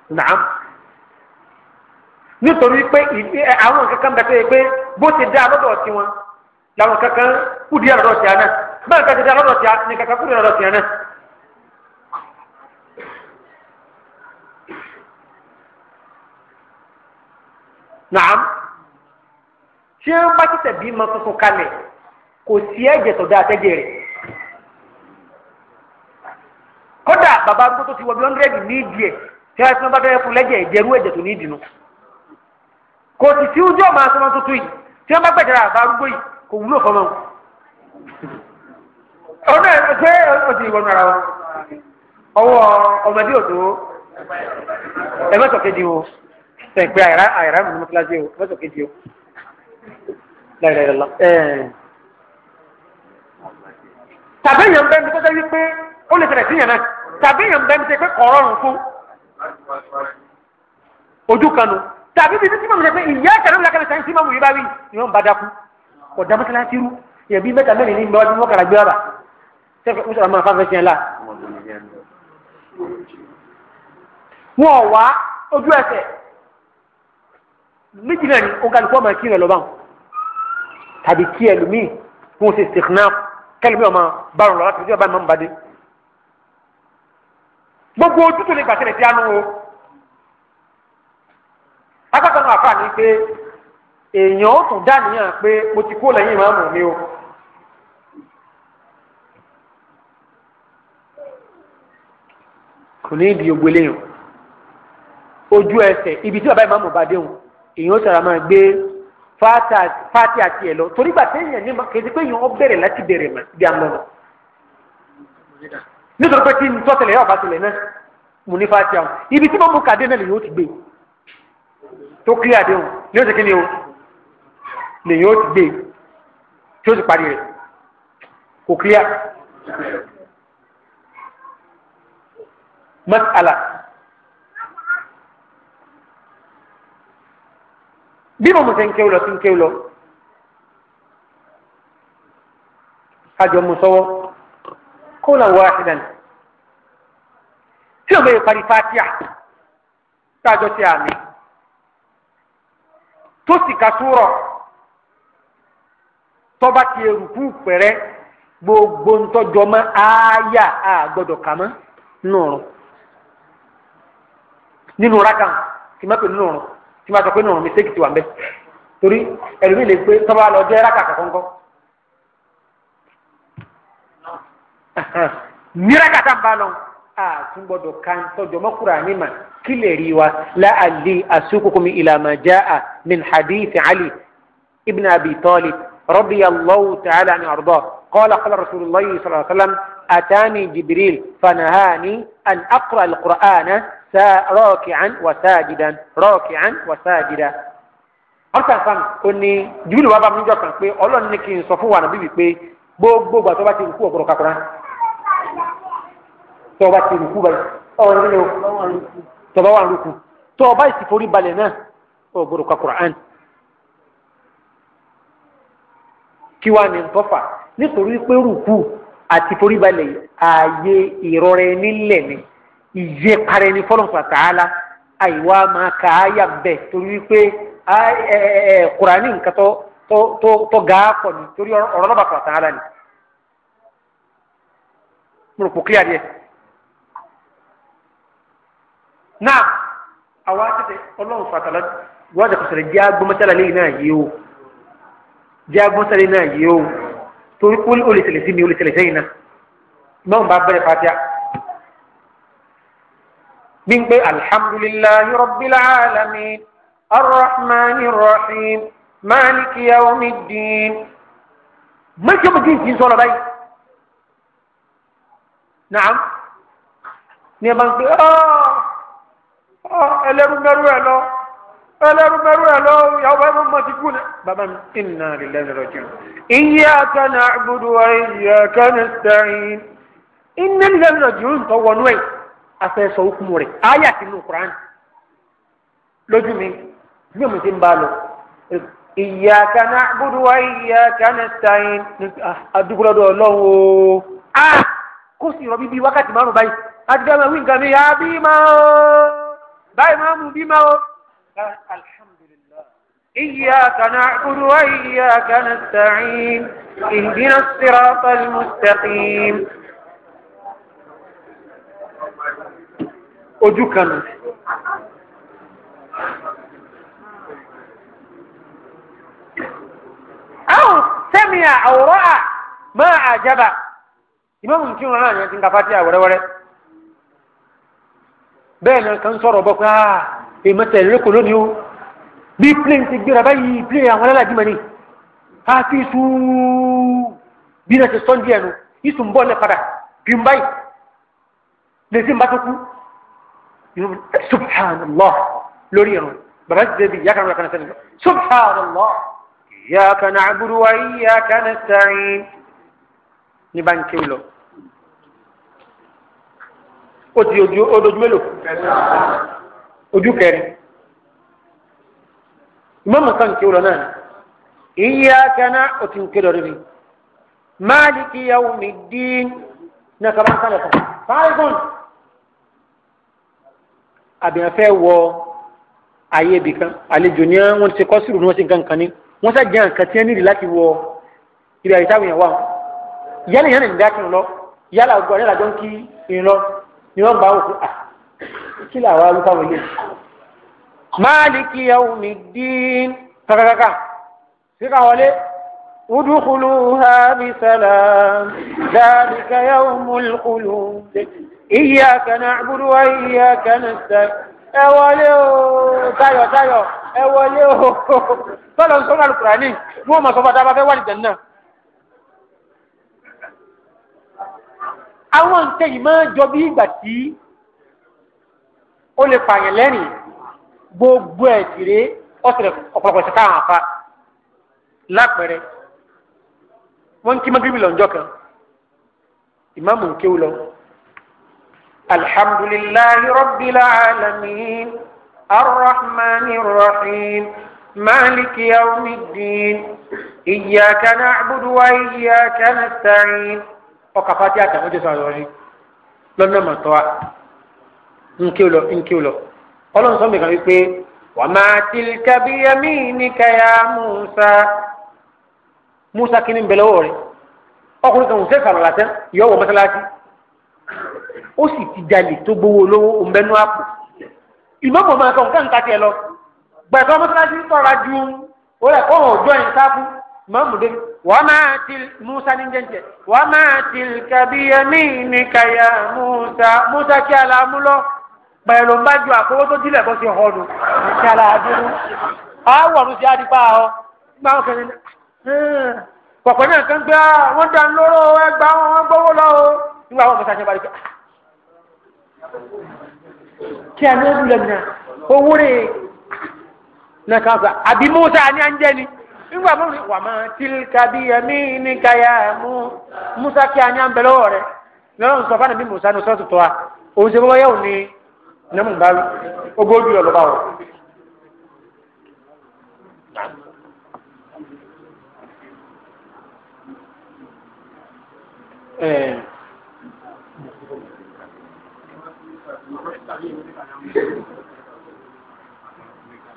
nàám nítorí pé àwọn kankan bẹ tó yẹ pé bó ti dá lọ́dọ̀ tiwọn làwọn kankan kú díẹ̀ lọ́dọ̀ tiwọn náà bẹ́ẹ̀ kankan ti dá lọ́dọ̀ ni kankan kú díẹ̀ lọ́dọ̀ tiwọn náà. nàám tí wọ́n bá bí ma tuntun kalẹ̀. kò sí ẹ̀jẹ̀ tó dáa tẹ́jẹ̀ rẹ̀ kódà bàbá arúgbó tó ti wọ bí ọ́ndẹ́rẹ́dì ní ìdí ẹ̀ tí wọ́n ti ń bá fẹ́ fún lẹ́jẹ̀ ìjẹ́rú ẹ̀jẹ̀ tó ní ìdì nu kò sì sí ojú ọ̀ma sọmọ tuntun yìí tí wọ́n bá gbẹ̀jẹ̀ rà bàbá arúgbó yìí kò wúlò fọmọ ọ̀nà ṣé o ti wọnú ara wọn ọwọ́ ọmọdé òtó ẹ̀mẹ́sọ̀ kejì o sẹ̀pẹ́ àìrá àìrá mi ní mọ́tíláṣí o ẹ̀mẹ́sọ̀ kejì o láìláìlá tàbí èèyàn bẹ́ẹ̀ mi tó dájú pé ó lè tẹ̀lẹ̀ sí yàn náà tàbí èèyàn bẹ́ẹ̀ mi tó pé kọ̀ọ̀rọ̀ rùn fún ojú kan nu tàbí bíi títí mọ̀mọ́ pé ìyá ìkàlẹ́ òun lákàlẹ́ sáyẹ́nsì mọ̀mọ́ yìí bá wí ni wọ́n bá dákú kò dá mọ́sálásí rú yẹ̀bí mẹ́ta mẹ́rin ní ìgbà wọn kàrà gbé ọ̀rà sẹ́fẹ̀ mùsùlùmí máa fáfẹ́ tiẹ̀ la. wọn ò wá ojú ẹsẹ̀ méjì náà ni ó ga lùkọ́ máa kẹlẹ mi ọmọ bárò lọ láti fi ọba mọ nbadé gbogbo ojútùú ní gbàtẹrẹ tí a nù o akọkànnà àfààní pé èèyàn ó tún dáníyàn pé mo ti kó lẹ́yìn ìmáàmù mi o kò ní ibi ògbélé yàn ojú ẹsẹ̀ ibi tí bàbá ìmáàmù bá déhùn èèyàn ó sàrà máa gbé fati àti ẹ lọ torí gbà téèyàn ní ma kèsì pé yàn ọ bẹ̀rẹ̀ láti bẹ̀rẹ̀ mà bí a mọ̀ lọ. nítorí pé tí n tọ́tẹ̀lẹ̀ yóò bá tẹ̀lẹ̀ náà mo ní fati àwọn ibi tí mo mú kàdé náà lè yóò ti gbé tó kí àdéhùn ní oṣù kìíní o lè yóò ti gbé tí ó ti parí rẹ̀ kò kíá masala. bí mo mọ̀ ṣe ń kéwù lọ sí ń kéwù lọ àjọ mu sọ́wọ́ kó làwọn wáhidan tí o bẹ parí fatia tájọ ti àmì tó sì ka súrọ̀ tọ́ba ti erùkú pẹ̀rẹ́ gbogbo ntọ́jọ́mọ́ ááyà àgbọ̀dọ̀ kàmọ́ nùrùn nínú rákàn kìmọ́pẹ̀ nínú rùn tí ma sọ pé nù mistake ti wà mbẹ torí ẹlòmí lè gbé tọ́ba lọ jẹ́ rákà kọ̀kọ́ńkọ́ ní rákà tá n bá lọ a tún gbọdọ̀ kan tọjọ mọ́kúra ní ma kí lè rí wa la ali asukukumi ilama jaa min hadithi ali ibn abi talib radiyallahu ta'ala ni arda qala qala rasulillah sallallahu alaihi wa أتاني جبريل فنهاني أن أقرأ القرآن راكعا وساجدا راكعا وساجدا ọ̀sán kan ó ní jùlọ wàá bá mi jọ kan pé ọlọ́run ní kí n sọ fún wa nàbí wípé gbogbo ìgbà tó bá ti rùkú ọ̀gbọ̀rọ̀ kakura tó bá ti rùkú báyìí ọ̀rọ̀ nínú tó bá wà rùkú tó bá sì forí balẹ̀ náà ọ̀gbọ̀rọ̀ kakura án. kí wàá ní ntọ́fà nítorí pé rùkú àti foríbalẹ̀ ààyè ìrọ̀rẹ́ ẹni ńlẹ̀ ni ìyẹ parẹ́ ni fọlọ́nfà tààlà àìwá máa kà á yà bẹ̀ torí wípé kùránì nǹkan tó ga pọ̀ ni torí ọ̀rọ̀ lọ́ba fà tààlà ni. mo rò pò clear díẹ̀. náà àwa tètè ọlọ́run fàtàlà wọ́n àjàkọ̀sẹ̀rẹ̀ jẹ́ agbọ́mọ́sálà lẹ́yìn náà yìí o jẹ́ agbọ́mọ́sálà lẹ́yìn náà yìí o. torí ó lè tẹ̀lé sí mi ó lè tẹ̀lé sẹ́yìn náà náà ń bá bẹ̀rẹ̀ fatia gbígbé alhamdulillahi rabbil alamin arrahmanir rahim maliki yawmiddin mẹjọmọdé ti ń sọ̀rọ̀ báyìí naam ní ẹ bá ń pè ọ ẹlẹrú mẹrú ẹ lọ. ẹlẹ́rúmẹ́rú ẹ̀ lọ́wọ́ yàwó bá mọ̀ náà. bàbá mi inna lillahi raji'un. iyyaka na'budu wa iyyaka nasta'in. inna lillahi raji'un ń tọ́ wọnú ẹ̀ afẹ́sọ̀ okùn rẹ̀ ayé àti inú kuran. lójú mi bí ti ń bá ọlọ́run o. a kó sì rọ bíbí wákàtí márùn-ún báyìí. máa wí nǹkan mi báyìí máa mú bí máa الحمد لله إياك نعبد وإياك نستعين اهدنا الصراط المستقيم أجوكنا أو سمع أو رأى ما أعجبه إمام ممكن أن يكون كفاتي أو رأى bẹ́ẹ̀ ni kan sọ̀rọ̀ èmọ́tẹ̀ ìrẹ́kọ̀ lónìí o bí plane ti gbéra báyìí plane àwọn aláàjì mọ̀ ni a fi sùúrù bí náà ti sọ́ díẹ̀ nu ìsùn bọ́ọ̀lù padà bí n báyìí lè sí mbà tó kú subhanallah lórí ẹ̀rọ bàbá ti dẹ́bi ìyá kan rẹ̀ kan sẹ́ni subhanallah iyyaka na'budu wa iyyaka nasta'in ní bá ń kéwì lọ. ó ti ojú mélòó ojú kẹrin ìmáàmù kan kí wọ́n náà iyyaka na'budu òtún kéde ọdún mi máàlìkì yawmiddin náà kaba ń kálẹ̀ kan fáìgùn àbíyànfẹ́ wọ ayé ibì kan àlejò ní wọ́n ti kọ́ sírù ní wọ́n ti nǹkan kan ní wọ́n sá jẹ́ nǹkan tí wọ́n nílì láti wọ ibi àyè táwọn wà wọn yálà yẹn nìdá kí n lọ yálà ọgbọ́n yálà jọ ń kí n lọ ni wọ́n bá wò pé ah kí làwọn arúgbó ilé maliki yawmiddin kàkàkàkà síkà wọlé udkhuluha bisalam dhalika yawmul khulud iyyaka na'budu wa iyyaka nasta'in ẹ wọlé o tayọ tayọ ẹ wọlé o tọ́lọ̀ sọ́nà alukurani ni wọ́n mọ̀ sọ́fà dábàá fẹ́ wà nìjẹ̀ náà. àwọn nǹkan yìí máa jọ bí ó lè pààyàn lẹ́rìn gbogbo ẹ̀ tìrẹ ọ̀sẹ̀rẹ̀ ọ̀pọ̀lọpọ̀ ìṣẹ̀ká àwọn afa lápẹ̀rẹ̀ wọ́n kí magrebi lọ́njọ́ kan ìmáàmù ń kéwù lọ. الحمد لله رب العالمين الرحمن الرحيم مالك يوم الدين إياك نعبد وإياك نستعين وكفاتي أتمنى سؤال لنا من طوال nkéw lọ nkéw lọ ọlọ́run sọ́mi kan wípé wà máa tilka biyami ní kẹyà musa musa kí ni ń bẹ lọ́wọ́ rẹ̀ ọkùnrin kan ṣe sàrọ̀ làtẹ́ yọ wọ mọ́sálásí ó sì ti jalè tó gbowó olówó òǹbẹ́nu àpò ìmọ̀mọ̀ máa kàn kàn kàtì ẹ̀ lọ gbàgbọ́ mọ́sálásí tọ́ra ju ó rẹ̀ kọ́ ọ̀jọ́ ẹ̀ sáfù mọ́mù wà máa til musa ní jẹ́jẹ́ wà máa tilka biyami ní kẹyà musa musa kí alámú lọ́ọ́ pẹ̀lú mbájú àkówó tó dílẹ̀ bó ti họnù àti aláàdúró àwọ̀rù ti àdìpá ọ gbà ó kẹrin pọ̀pọ̀ hmm, náà kan gbé ah, wọ́n dá lóró ẹgbàá wọn wọ́n gbówó lọ o nígbà wọn kò sàṣẹ balẹ̀ kí a ní lẹ́nu náà owó rẹ̀ náà kan gbà àbí Musa ni à ń jẹ́ ni nígbà mọ́ mi wà máa tilka bí ẹ̀mí ní káyà mú Musa kí a ní à ń bẹ lọ́wọ́ rẹ̀ lọ́wọ́ sọ fún mi Musa ní sọ́ọ̀tù tó wa òun ṣe bọ́ yẹ́ ní mò ń bá ogójì lọ lọ́ba wọn.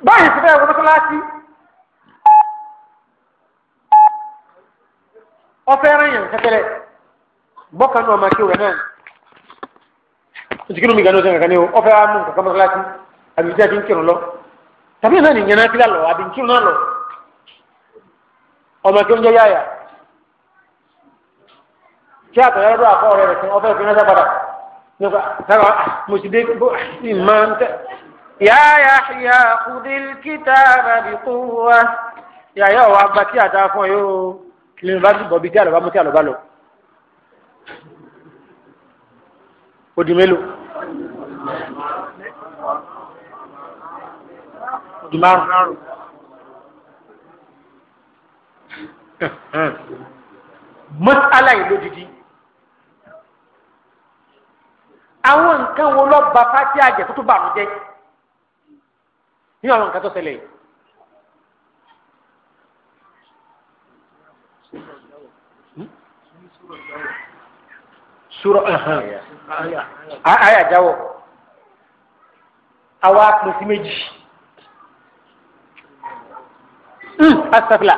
báyìí ti bẹ́ẹ̀ wọ́n mọ́sálásí ọ̀fẹ́ rẹ̀ ntukiru mi gano sɛnɛ ka ne o ɔfɛ a mun ka kama kilasi a bi jaabi nkirun lɔ tabi na ni ɲɛna kila lɔ a bi nkirun na lɔ ɔmɔ kiri njɛ yaaya kí a tɔyɔ do a kɔ yɛrɛ sɛn ɔfɛ fina sabara ne ko saga muside bo iman tɛ. ya yahya kudil kitaaba bi kuwa yaya wa ba kí a ta fɔ ye o kile ba ti bɔ bi tí a ba mu tí a ba lọ ó di mélòó ó di márùn. mọ́sálà yìí lódìdí àwọn nǹkan wo lọ bá fásitì àjẹ tó tó bàrún jẹ nínú àwọn nǹkan tó ṣẹlẹ̀ yìí. Hmm? sura ahan àyà jáwọ́ àwa pín sí méjì hmm, asafila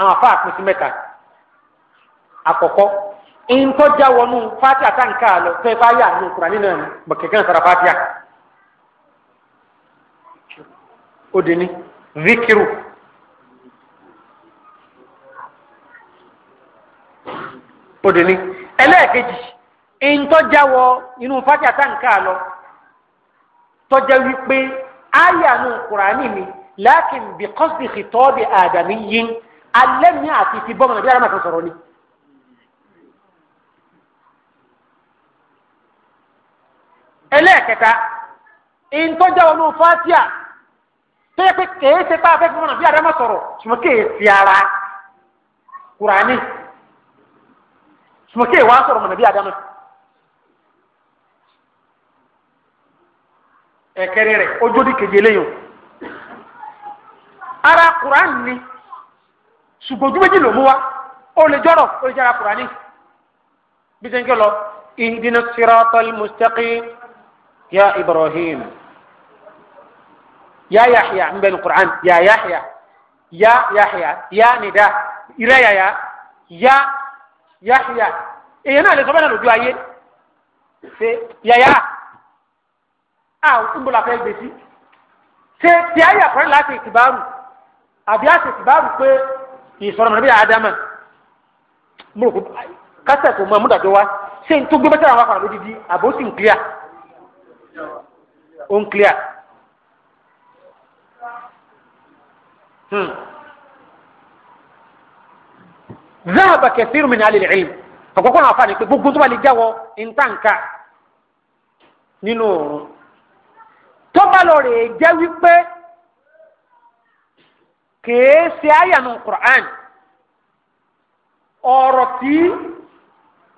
àwọn afa pín sí mẹ́ta àkọ́kọ́ ntọja wọnú fati atanka lọ fẹn f'a yà nù kurani nà mẹ kẹkẹ sara fatia a de ni zikiru o de ni ẹlẹ́ẹ̀kejì ntọ́jáwọ inú fati àtànkà lọ tọ́já wípé ayanu kùránì mi lákìn bí kọ́sì xitọ́bi àdàmì yín alẹ́ mi àti ti bọ́ mọ̀nà bí arámàtà sọ̀rọ̀ ni. ẹlẹ́ẹ̀kẹta ntọ́jáwọ inú fati à tẹ́yẹ pé kèése tá a fẹ́ fi mọ̀nà bí arámà sọ̀rọ̀ sùmọ́ kèése ara kùránì sùmọ́ kèé wàá sọ̀rọ̀ mọ̀nà bí arámà ẹ̀kẹ́rin rẹ̀ ojúdi keje léyìn ara kuran ni ṣùgbọ́n ojú méjì ló mú wa ó lè jọ̀rọ̀ ó lè jẹ́ra kurani bí sẹ́ńkẹ́ lọ ihdina siratal mustaqim ya Ibrahim ya Yahya ń bẹ ní kuran ya Yahya ya Yahya ya nida ìrẹ́ yàyà ya Yahya èèyàn náà lè sọ bẹ́ẹ̀ náà lójú ayé ṣe yàyà à ń bọ̀ làfẹ́ gbèsè ṣe tí a yà fún láti ìtìbárù àbí àti ìtìbárù pé ìsọ̀rọ̀ mọ̀ níbi àdámà mo rò pé kásẹ̀ kò mọ amúdàjọ wa ṣé n tó gbé bẹ́tẹ̀ àwọn afárá lódìdí àbó sì ń clear ó ń clear. ذهب كثير من اهل العلم àkọ́kọ́ náà afa ni pé gbogbo tó bá lè jáwọ́ ìntànkà nínú òòrùn tó bá lọ rè jẹ́ wípé kèé ṣe àyànnú Qur'an ọ̀rọ̀ tí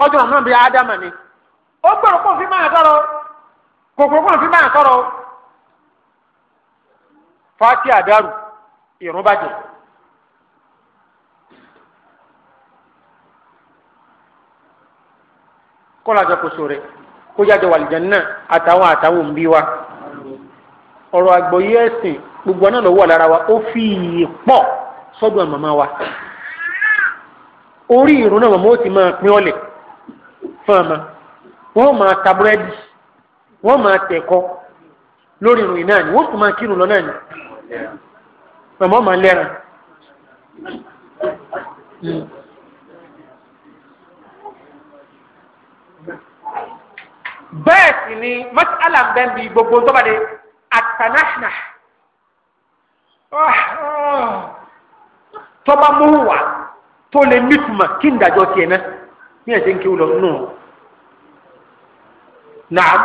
ọjọ́ náà bí ádámà ni ó gbọ́dọ̀ kó fi máa sọ̀rọ̀ kòkòrò kó fi máa sọ̀rọ̀ fati adaru ìrún bàjẹ́. kọ́lá jẹ́ kó sóore kó jáde wàlìjẹ́ náà àtàwọn àtàwọn òǹbí wa ọ̀rọ̀ àgbọ́yé ẹ̀sìn gbogbo náà ló wà lára wa ó fi iyì pọ̀ sọ́dọ̀ màmá wa orí ìrún náà màmá ó ti máa pín ọ̀lẹ̀ fún ọmọ wọ́n máa ta búrẹ́dì wọ́n máa tẹ̀kọ́ lórí ìrún yìí náà ni wọ́n sì máa kírun lọ náà ni màmá máa lẹ́ran. bẹ́ẹ̀ sì ni mọ́tí alàǹbẹ̀ ń bi gbogbo tó bá dé. atanaana ɔh ɔh tɔba muwa tɔle mịtma kindajɔ teema n'o de nke wulo nnụn naam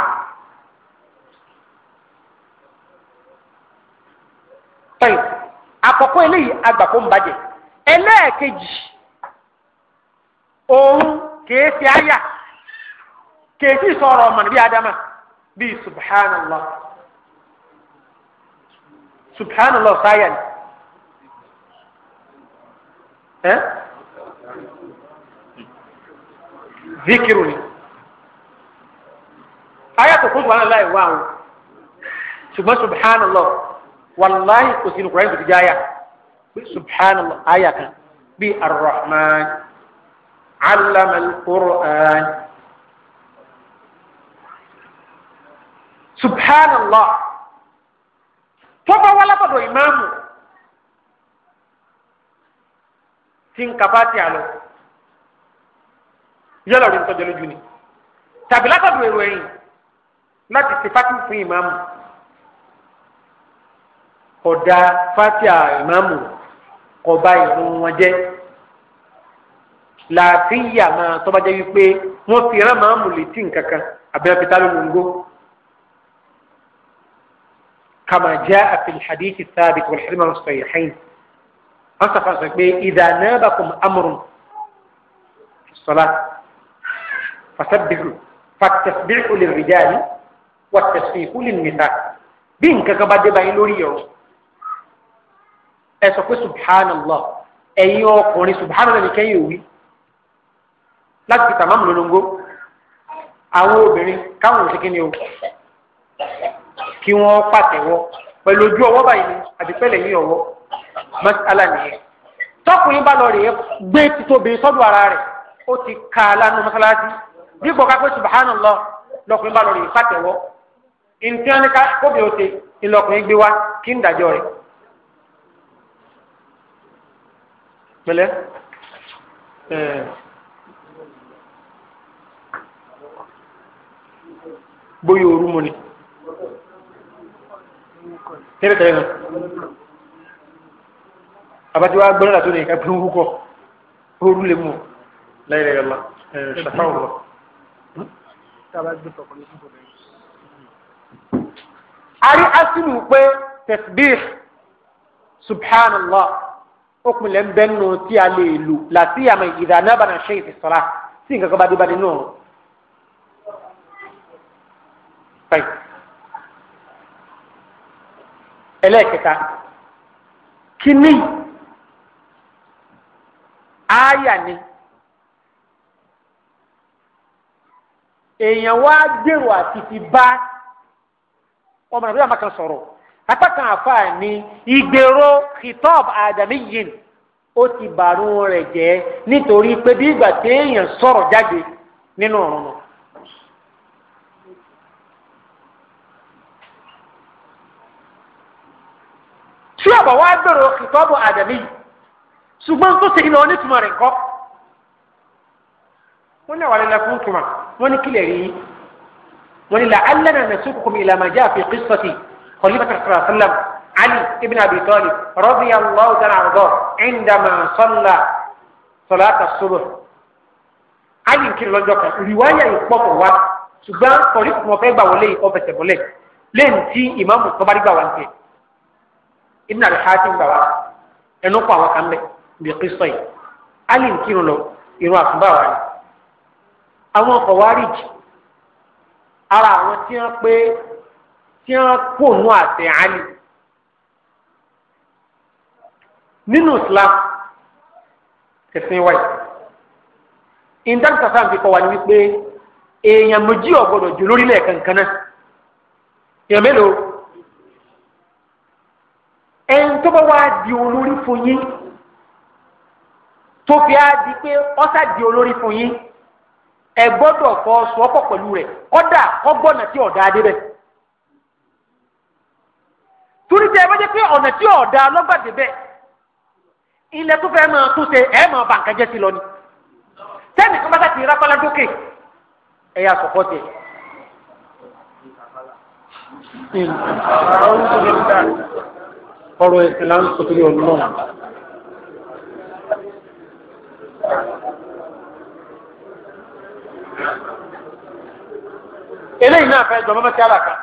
ɛ afɔkwae n'i ye agbakumbaji elee kejì owu keesi anya keesi sɔrɔ ɔhụrụ bi adama bi subhanallah subhanallah saya ni. Eh? Zikiru ni. Aya tó kún subhanallah wà o. Ṣùgbọ́n subhanallah wàláhi kò sí nìkúrẹ́ ìbùdíjà ayà. Subhanallah ayà kan bí arrahman allama al-Qur'an. Subhanallah. tọ́ba wá látọ̀dọ̀ ìmáàmù tí ń kaba tí a lọ yálà orí nítọ́jọ́ lójú ni tàbí látọ̀dọ̀ èrò ẹ̀yìn láti ṣe fátìmù fún ìmáàmù ọ̀dà fátíà ìmáàmù kọba ìrún wọn jẹ́ làáfíyà máa tọ́ba jẹ́ wípé wọ́n fi rán màámù létí nǹkan kan àbẹ́rẹ́ pété lónìí كما جاء في الحديث الثابت والحلم الصحيحين أصف إذا نابكم أمر في الصلاة فسبحوا فالتسبيح للرجال والتسبيح للنساء بين كبد بايلوريو أسف سبحان الله أيوه قولي سبحان الله لكي يوي láti fi tàmámù àwọn obìnrin káwọn òṣèké ni o kí wọ́n pàtẹ́wọ́ pẹ̀lú ojú ọwọ́ báyìí àbí pẹ̀lẹ́ yín ọwọ́ mọ́sálà nìyẹn tọkùnrin bá lọ rèé gbé títóbi sọ́dọ̀ ara rẹ̀ ó ti ka lánàá mọ́sálásí dípò ká pé subhanallah lọkùnrin bá lọ rèé pàtẹ́wọ́ ìntìyànníkà kóbi òsè ìlọkùnrin gbé wá kí ń dàjọ́ rẹ̀. pẹ̀lẹ́ bóyá òru tẹ́lẹ̀tẹ́lẹ̀ náà àbájá wa gbọ́dọ̀ dàtó ní ìka gbọ́n wúkọ́ ooru lè mú láyé ẹ̀rọ ṣàfáwọ̀ lọ. a rí asinu pé tasbih subhanallah okùnlẹ̀ ń bẹ́ẹ̀ nù tí a lè lò láti àmì ìdánábànà ṣe ìfẹ̀sọ́ra sí nǹkan kan bá ẹlẹ́ẹ̀kẹta kini àyà ni èèyàn wá gbèrò àti fi bá ọmọ nàbí àmà kan sọ̀rọ̀ apá kan àfáà ní ìgbèrò khitab ó ti bàrún rẹ̀ jẹ́ nítorí pé bí ìgbà téèyàn sọ̀rọ̀ jáde nínú náà. tí ọ̀bọ̀ wá gbèrò ìtọ́bù àdàmì yìí ṣùgbọ́n tó ṣe ìlọ onítùmọ̀ rẹ̀ kọ́ wọ́n ní àwọn ẹlẹ́kùn tùmọ̀ wọ́n ní kílẹ̀ rí wọ́n ní là alẹ́nà mẹ́sùn kùkùn ìlànà jẹ́ àfi kìsọ́tì kọlíbàtà sàlám ali ibn abi talib radiyallahu ta'ala anhu indama salla salata subh ali nkiri lọ́jọ́ kan riwaya ìpọ̀pọ̀ wa ṣùgbọ́n kọ̀rí kùkùn ọ̀fẹ́ gbà wọlé ọ̀fẹsẹ̀ bọ́lẹ̀ lẹ́yìn tí ìmáàmù gbà wà ní tiẹ̀ ibn abi hatim gbà wá ẹnu kọ àwọn kan bẹ bí kristo yìí ali ń kírun lọ irun àtúbà wà ní. àwọn kọ̀wárìj ara àwọn tí wọ́n pé tí wọ́n kó nù àtẹ ali nínú islam tẹ̀sán wáyé ìdáǹtà sáà fi kọ́ wa ni wípé èèyàn méjì ò jù lórílẹ̀ kankan náà èèyàn mélòó ẹni tó bá wá di olórí fún yín tó fi á di pé ọ́sà di olórí fún yín ẹ gbọ́dọ̀ fọ sọ́pọ̀ pẹ̀lú rẹ̀ kọ́dà kọ́gbọ́nà tí ọ̀dà adébẹ̀. torí tẹ ẹ bá jẹ́ pé ọ̀nà tí ọ̀dà lọ́gbàdé bẹ́ẹ̀ ilẹ̀ tó fẹ́ máa tún ṣe ẹ̀ máa bà nǹkan jẹ́ sí lọ ni. tẹ́nì kan bá sá ti rápálá dókè ẹ̀ yà sọ̀kọ́ tiẹ̀. Thank ọrụ ẹ̀sìn là ń eléyìí náà fẹ́ jọ mọ́mọ́ sí àlàkà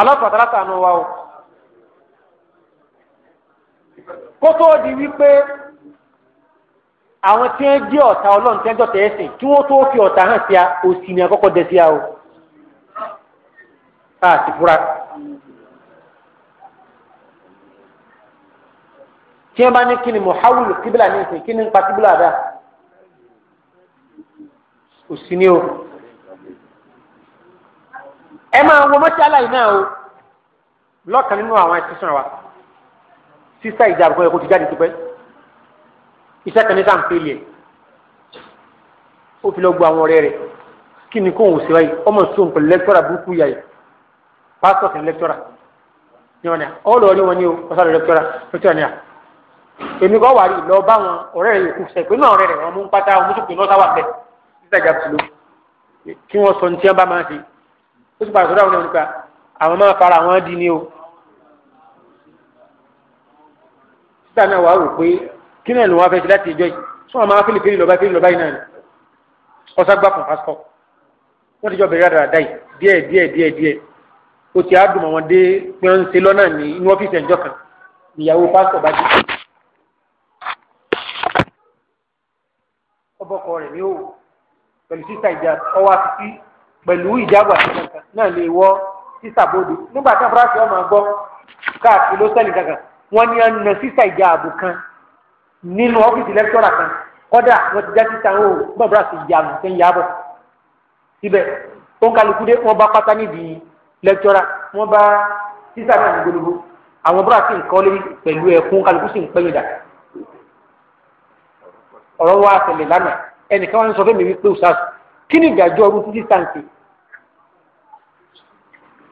aláfàtàlá sànù wa o kó tó di wípé àwọn tí wọ́n jẹ́ ọ̀tá ọlọ́run tí jọ tẹ̀sìn kí wọ́n tó fi ọ̀tá hàn tí wọn bá ní kí ni muhawul kíbílà ní ìsìn kí ni nípa kíbílà dá òsì ni o ẹ máa wọ mọ́tí aláì náà o lọ́kàn nínú àwọn ẹ̀sìn wa sísá ìjà àbùkù ẹ̀kọ́ ti jáde tipẹ́ iṣẹ́ kan ní sáà ń pèlè ẹ̀ ó fi lọ gbọ́ àwọn ọ̀rẹ́ rẹ̀ kí ni kóhùn sí wáyé ọmọ sóhùn pẹ̀lú lẹ́kítọ́rà burúkú yà yìí pásítọ̀ sí lẹ́kítọ́rà ní wọn ni ọ lọ rí wọn ní o pásítọ̀ lẹ́kítọ́rà lẹ́kítọ́rà ní à èmi kọ́ wà rí lọ bá wọn ọ̀rẹ́ rẹ̀ kù sẹ̀ pé náà ọ̀rẹ́ rẹ̀ wọn mú pátá wọn mùsùlùmí náà sáwà bẹ̀ títà ìjà tìlú kí wọ́n sọ ní tí wọ́n bá máa ṣe ó sì pàṣẹ dáwọn nípa àwọn máa fara wọn di ni o. títà náà wàá rò pé kí náà ló wọn fẹ́ ṣe láti ìjọ yìí tí wọ́n máa fílì fílì lọ́ba fílì lọ́ba yìí náà ni ọ̀sá gbà fún pásítọ̀ wọ́n ti jọ bẹ̀rẹ̀ àdàdà yìí díẹ̀ díẹ̀ díẹ̀ díẹ̀ ọkọ rẹ̀ ní òwò pẹ̀lú sísà ìjà ọwọ́ àtìsí pẹ̀lú ìjágbà kankan náà lè wọ́ sísà bòde nígbà tí afurasí ọmọ gbọ́ káàkiri ló sẹ́ni kankan wọ́n ní à na sísà ìjà ààbò kan nínú ọ́fíìsì lẹ́kítọ́rà kan kọ́dà wọ́n ti já sísà ń wò gbọ́dọ̀ àti ìjà ààbò kan yà bọ̀ síbẹ̀ ó ń kálukú dé wọ́n bá pátá nídìí lẹ́kítọ́rà wọ́n bá sísà náà ní gbólógbó àwọn búra sì ń kọ́ lé pẹ̀lú ẹ̀kún kálukú sì ń pẹ́yìn dà ọ̀rọ̀ wa ṣẹlẹ̀ lánàá ẹnìkan wọn sọ fún mi wípé ọ̀sán kí ni ìdájọ́ ọdún títí sáǹkì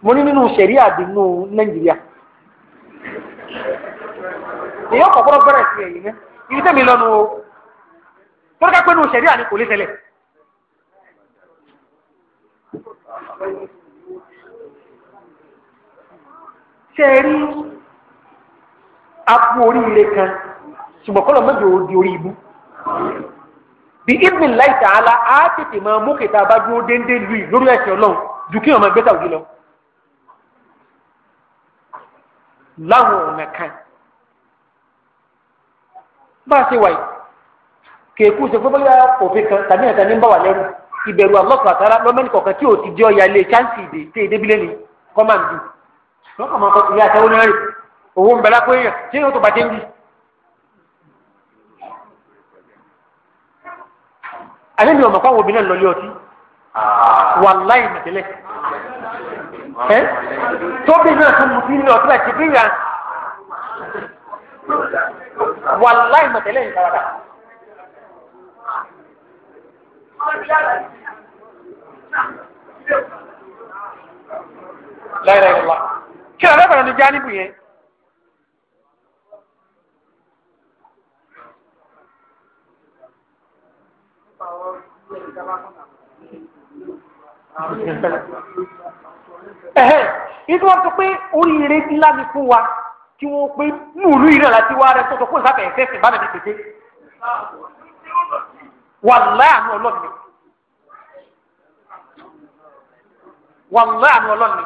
mo ní nínú sẹ̀rí àdínú nàìjíríà èyí ọkọ̀ gbọ́dọ̀ bẹ̀rẹ̀ sí ẹ̀yìn náà ibi tẹ́mi lọ́nu o tó ká pé nínú sẹ̀rí àní kò lè tẹ̀lẹ̀. sẹ́ẹ̀rí apò oríire kan ṣùgbọ́n kọ́lọ̀ mẹ́jọ di orí ibú bí ibi láì tààlà a tètè máa mú kẹta bá dúró déńdé lu yìí lórí ẹsẹ̀ Ọlọ́run ju kí ọmọ gbẹta òjì lọ. láwọn ọ̀nà kan bá a ṣe wà yìí kèékù ṣe fúnbọ́lá òfin kan tàbí ẹ̀ta ní ń bá wà lẹ́rù ìbẹ̀rù àlọ́kùn àtàrà lọ́mẹ́nì kọ̀ọ̀kan tí ò ti jẹ́ ọ̀yà ilé chánsì ìdè tí èdè bílẹ̀ ni kọ́máǹdì lọ́kàn máa kọ́ ilé àtẹ́wọ́n náà rè owó ń bẹ̀rẹ̀ àbí mi ò mọ̀ káwọn obìnrin lọ lé ọtí wàláì mẹ̀tẹ́lẹ̀ ẹ tóbi náà tó mu sí ilé ọtí láti bí ra wàláì mẹ̀tẹ́lẹ̀ yìí kára. láìláìlá kí ló dé bẹ̀rẹ̀ ní jáníbù yẹn. ẹ̀hẹ́ ìdí wọn sọ pé oríire ńlá ni fún wa kí wọn pé múlù ìrìn àti wa rẹ sọsọ kó ìsáfẹ́ ẹ̀fẹ́ sì bá mi tètè wàlá àánú ọlọ́ọ̀ni wàlá àánú ọlọ́ọ̀ni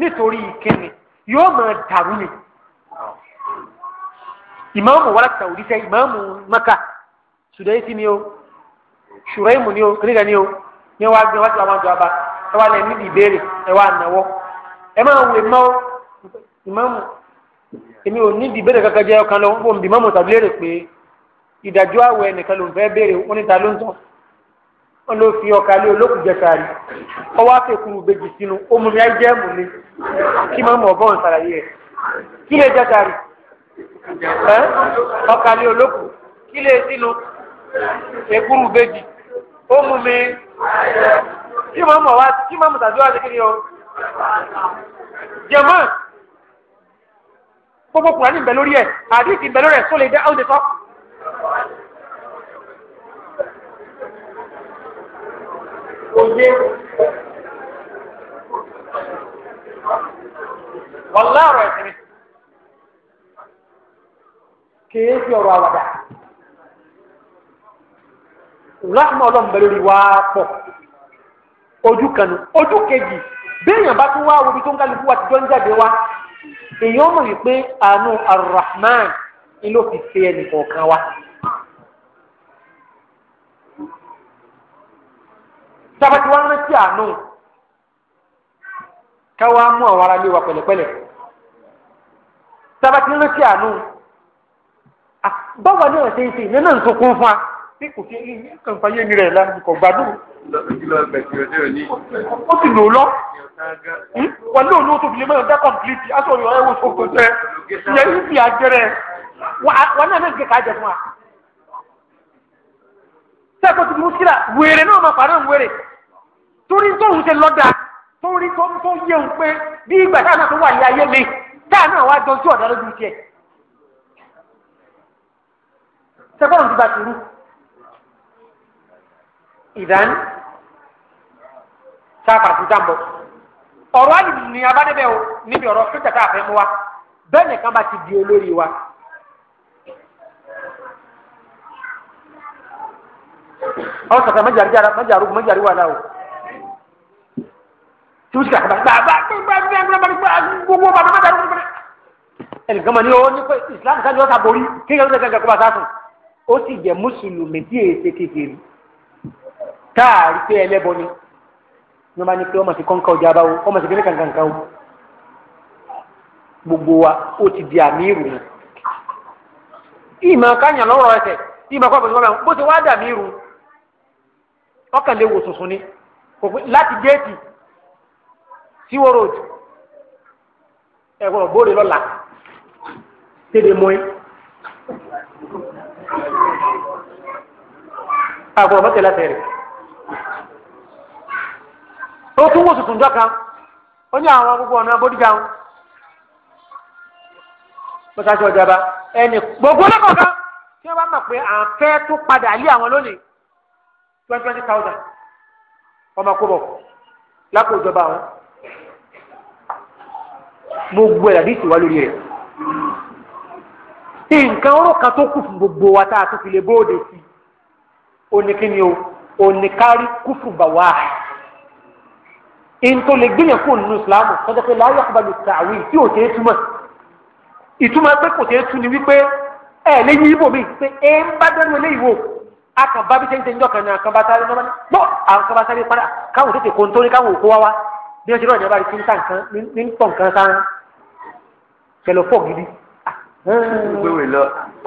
nítorí ìkíni yóò máa dàrú ni ìmáàmù wàlá tàwùrí sẹ́ ìmáàmù Mẹ́kà sùdẹ́ sí ni o ṣùrẹ́mù ni o kíníkà ni o ní wàá gbé wájú àwọn àjọba ẹ wá lẹ́yìn níbi ìbéèrè ẹ wá nàwọ́ ẹ máa wù ẹ̀mọ́ ìmáàmù èmi ò níbi ìbéèrè kankan jẹ́ ọ̀kan lọ ń bò ń bí mọ́mù tàbí lérè pé ìdájọ́ àwọ̀ ẹnìkan ló ń fẹ́ béèrè wọn níta ló ń tọ́ wọn ló fi ọkà lé olókùn jẹ sàárì ọwọ́ àfẹ́kùn ìbejì sínú omi ayé jẹ́ mùlẹ̀ kí mọ́mù ọ̀bọ̀n sàlàyé rẹ̀ kí lè jẹ sàárì ọkà lé olókùn kí lè sínú ẹ̀kúrú ìbejì ó mú mi kí màá mọ̀ wá kí màá mọ̀ tàbí wá sí kí ni o jẹ̀mọ́ gbogbo kùnà ní ìbẹ̀ lórí ẹ̀ àdìsí ìbẹ̀ lórí ẹ̀ tó lè dá sọ. Oye wàlá ẹ̀sìn mi kì í fi ọ̀rọ̀ àwàdà rahma ọlọ́run bẹ̀rẹ̀ lórí wa pọ̀ ojú kanu ojú kejì béèyàn bá tún wá omi tó ń kálukú wa ti jọ ń jáde wá èèyàn mọ̀ wípé àánú arahman ni ló fi ṣe ẹnì kọ̀ọ̀kan wa. sábàtì wọn rántí àánú káwá mú àwọn ará lé wa pẹ̀lẹ́pẹ̀lẹ́ sábàtì rántí àánú báwa ni ọ̀sẹ̀ ìṣe ìyẹn náà ń sọkún fún wa tí kò fi kàn fàyè mi rẹ̀ lánàá kò gbádùn. ó sì lò lọ hm? wà ní olówó tó fi lè mọ̀ ọ́dá kọ̀m̀pìlìtì aṣọ ìwà ẹ̀wọ̀ tó kò tẹ̀ ìyẹn ń fi àjẹrẹ wà náà lè gbé ká jẹ fún wa. sẹ́kọ̀ tó ti mú síra wèrè náà máa pàrọ̀ wèrè torí tóun ṣe lọ́dà torí tó tó yẹ òun pé bí ìgbà táwọn náà tó wà ní ayé mi táà náà wá jọ sí ọ̀dà lójú tiẹ̀. sẹ́kọ̀ tó ti bá ti rú ìdán sáfàtì jàmbọ ọ̀rọ̀ alìbìlì ni abádébẹ o níbi ọ̀rọ̀ sójà tá a fẹ́ mú wa bẹ́ẹ̀ nìkan bá ti di olórí wa. ọ̀rọ̀ sọ̀tà mẹ́jàrú mẹ́jàrú wà láwò tí o sì kà bàbá gbogbo bàbá mẹ́jàrú mẹ́jàrú ẹnìkan mọ̀ ní o ní pé Islam sáájú ọ̀sà borí kí ẹ̀rọ ìgbàgbọ́ bá sá sùn ó sì jẹ́ mùsùlùmí tí èsì kékeré táàrí pé ẹlẹ́bọ ni ní wọ́n bá ní pé ọmọ sí kọ́ńkà ọjà báwo ọmọ sí kíní kankankan o gbogbo wa ó ti di àmì ìrù ni ìmọ̀ káyàn lọ́rọ̀ ẹsẹ̀ ìmọ̀ kọ́ bọ̀dọ̀ bọ̀dọ̀ bó ti wá dàmí ìrù ọkàn lè wò sùnsùn ni láti géètì síwó road ẹ̀wọ̀n bóde lọ́la tèdè mọ́ ẹ. àgbọ̀rọ̀ mọ́tẹ́lá otu tún wò sùkùn jọ́ka ó ní àwọn gbogbo ọ̀nà bódìjà ń ọjọba ẹni gbogbo lọ́kọ̀ọ̀kan tí wọ́n bá mọ̀ pé à ń fẹ́ tó padà lé àwọn lónìí twenty twenty thousand ọmọ kó lápò ìjọba gbogbo ẹ̀ làdí ìsìnwá lórí gbogbo wa tá a fi lè bóde sí i ìntò lè gbìyàn kó nínú ìsìlámù tọ́jọ́ pé láyé àkọ́bàlù tààwí tí ò tẹ́ túmọ̀ ìtumọ̀ pé kò tẹ́ tú ni wípé ẹ lẹ́yìn ibò mi pé ẹ ń bá dánú eléyìí wò akàn bá bí tẹ́ńtẹ́ ńjọ kan ní akàn bá sáré lọ́wọ́ gbọ́ akàn bá sáré padà káwọn tètè kó nítorí káwọn òkú wá wá bí wọ́n ti rọ̀yìn abáyé tí ń tà nǹkan ní ń pọ̀ nǹkan sára kẹlẹ̀ pọ̀ gidi.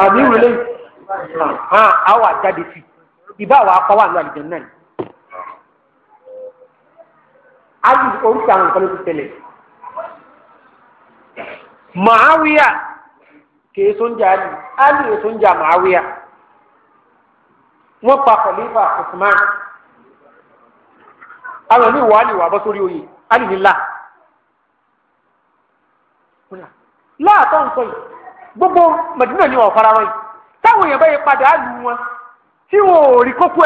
àmì ìwé lẹ́yìn ah, àwọn àjáde sí ìbá àwọn apá wà ní àlùjẹ náà ábù oríṣi àwọn nǹkan ló ti tẹ̀lé. màáwíyà kìí sóúnjẹ àlù àlù yìí pa kọ̀lífà Usman àwọn ìlú ìwà àlè wà bọ́ sórí oyè àlè la la nǹkan yìí gbogbo madina ni wọ́n fara rọ yìí táwọn èèyàn bá yẹ padà á wọn tí wọn ò rí kókó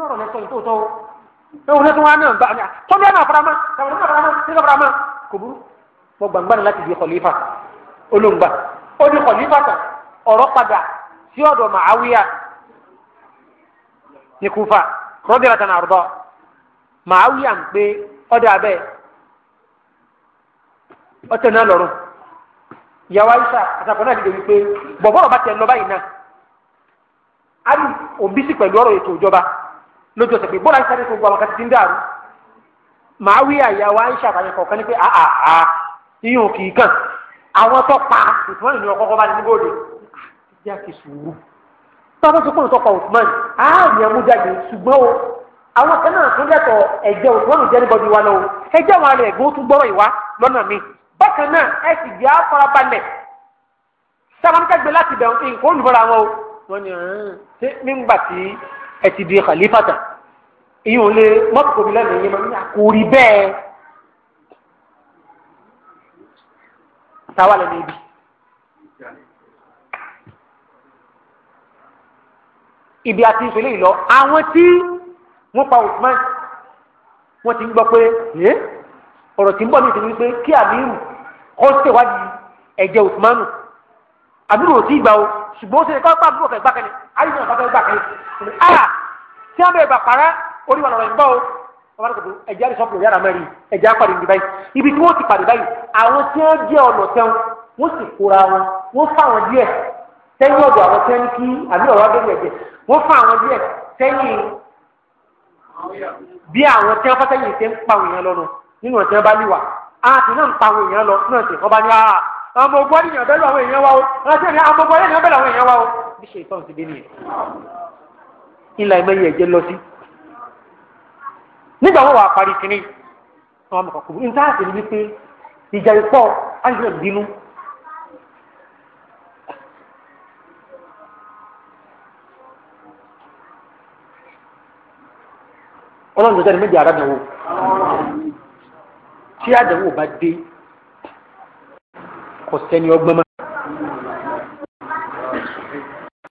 ó lọ́rọ̀ lọ́sọ̀ yìí tó tọ́ o ẹ̀wọ̀n lẹ́tọ́ wọn náà gbà ní tọ́jú ẹ̀mà farama tàbí farama nígbà farama kò burú mo gbàngbà láti di kọ̀lífà olóńgbà ó di kọ̀lífà tán ọ̀rọ̀ padà sí ọ̀dọ̀ màáwíyà ní kúfà rọ́bìrà tán àrùbọ̀ màáwíyà ń pé ọ̀dọ̀ abẹ́ ọ̀tẹ̀ náà lọ́rùn ìyàwó àyíṣà àtàkùn náà dìde wípé bọ̀bọ̀rọ̀ bá tẹ̀ lọ báyìí náà á ní òbí lójú ọ̀sẹ̀ pé bọ́lá ń sáré fún gbogbo àwọn kan ti ń dàrú màá wí àyà wa ń ṣàfàyàn kọ̀ọ̀kan ní pé àhàhà iyùn kì í kàn àwọn tó pa Usman ní ọkọ̀ bá ní bóde jẹ́ àti sùúrù tọ́lá tó kún tọ́pa Usman á yẹ mú jáde ṣùgbọ́n o àwọn kan náà tún lẹ́tọ̀ọ́ ẹ̀jẹ̀ Usman jẹ́ níbọ̀dì wa lọ́wọ́ ẹ̀jẹ̀ wọn alẹ́ ẹ̀gbọ́n tún gbọ́rọ̀ ìwá lọ́nà mi bákan náà ẹ sì jẹ́ àfọlábalẹ̀ sábà ń kẹ́gbẹ́ láti bẹ̀rù nǹkan olùbọ̀ra wọn o wọ́n ní ẹ ti di kàlífàtà ìyóò lè mọ́tò mi lẹ́nu yẹn máa kò rí bẹ́ẹ̀ táwa lẹ́nu ibi. ibi àti ìṣẹ̀lẹ̀ ìlọ àwọn tí wọ́n pa Usman wọ́n ti ń pé ẹ ọ̀rọ̀ tí ń bọ̀ ní ìṣẹ̀lẹ̀ wípé kí àmì rù kọ́ ṣèwádìí ẹ̀jẹ̀ Usmanu àbí wò sí ìgbà o ṣùgbọ́n ó ṣe kọ́ pàbí òfẹ́ gbàkẹ́lẹ́ àyíṣẹ́ náà fẹ́ gbàkẹ́lẹ́ a ah! tí wọ́n bẹ̀rẹ̀ bàpàrà orí wa lọ́rọ̀ ìbá o ọba tó dùn ẹ̀jẹ̀ àti sọ́kùnrin yàrá mẹ́rin ẹ̀jẹ̀ apàdé níbi báyìí ibi tí wọ́n ti pàdé báyìí àwọn tí wọ́n jẹ́ ọ̀nà tẹ́wọ́n wọ́n sì kóra wọn wọ́n fà wọn díẹ̀ sẹ́yìn ọ̀dọ̀ àwọn tí wọ́n kí àbí ọ̀rọ̀ abẹ́rẹ́ ẹ̀jẹ̀ wọ́n fà wọn díẹ̀ sẹ́yìn bí àwọn tí àmọ́ ogun ọ̀nìyàn bẹ́ẹ̀ lọ àwọn èèyàn wa o rántí ẹni àmọ́ ogun ọ̀nìyàn bẹ́ẹ̀ lọ àwọn èèyàn wa o bí ṣe ìtọ́ ti dé nìyẹn. ìlà ìmọ̀ yẹn jẹ́ lọ sí. nígbà wọn wà parí kínní àwọn ọmọ kọ̀ọ̀kọ̀ ní táà sí ni wípé ìjà ìpọ̀ àìsàn ìbínú. ọlọ́run tó sẹ́ni méjì àràbẹ̀wò tí àdánwò bá dé kò sẹ́ni ọgbọ́n mọ́.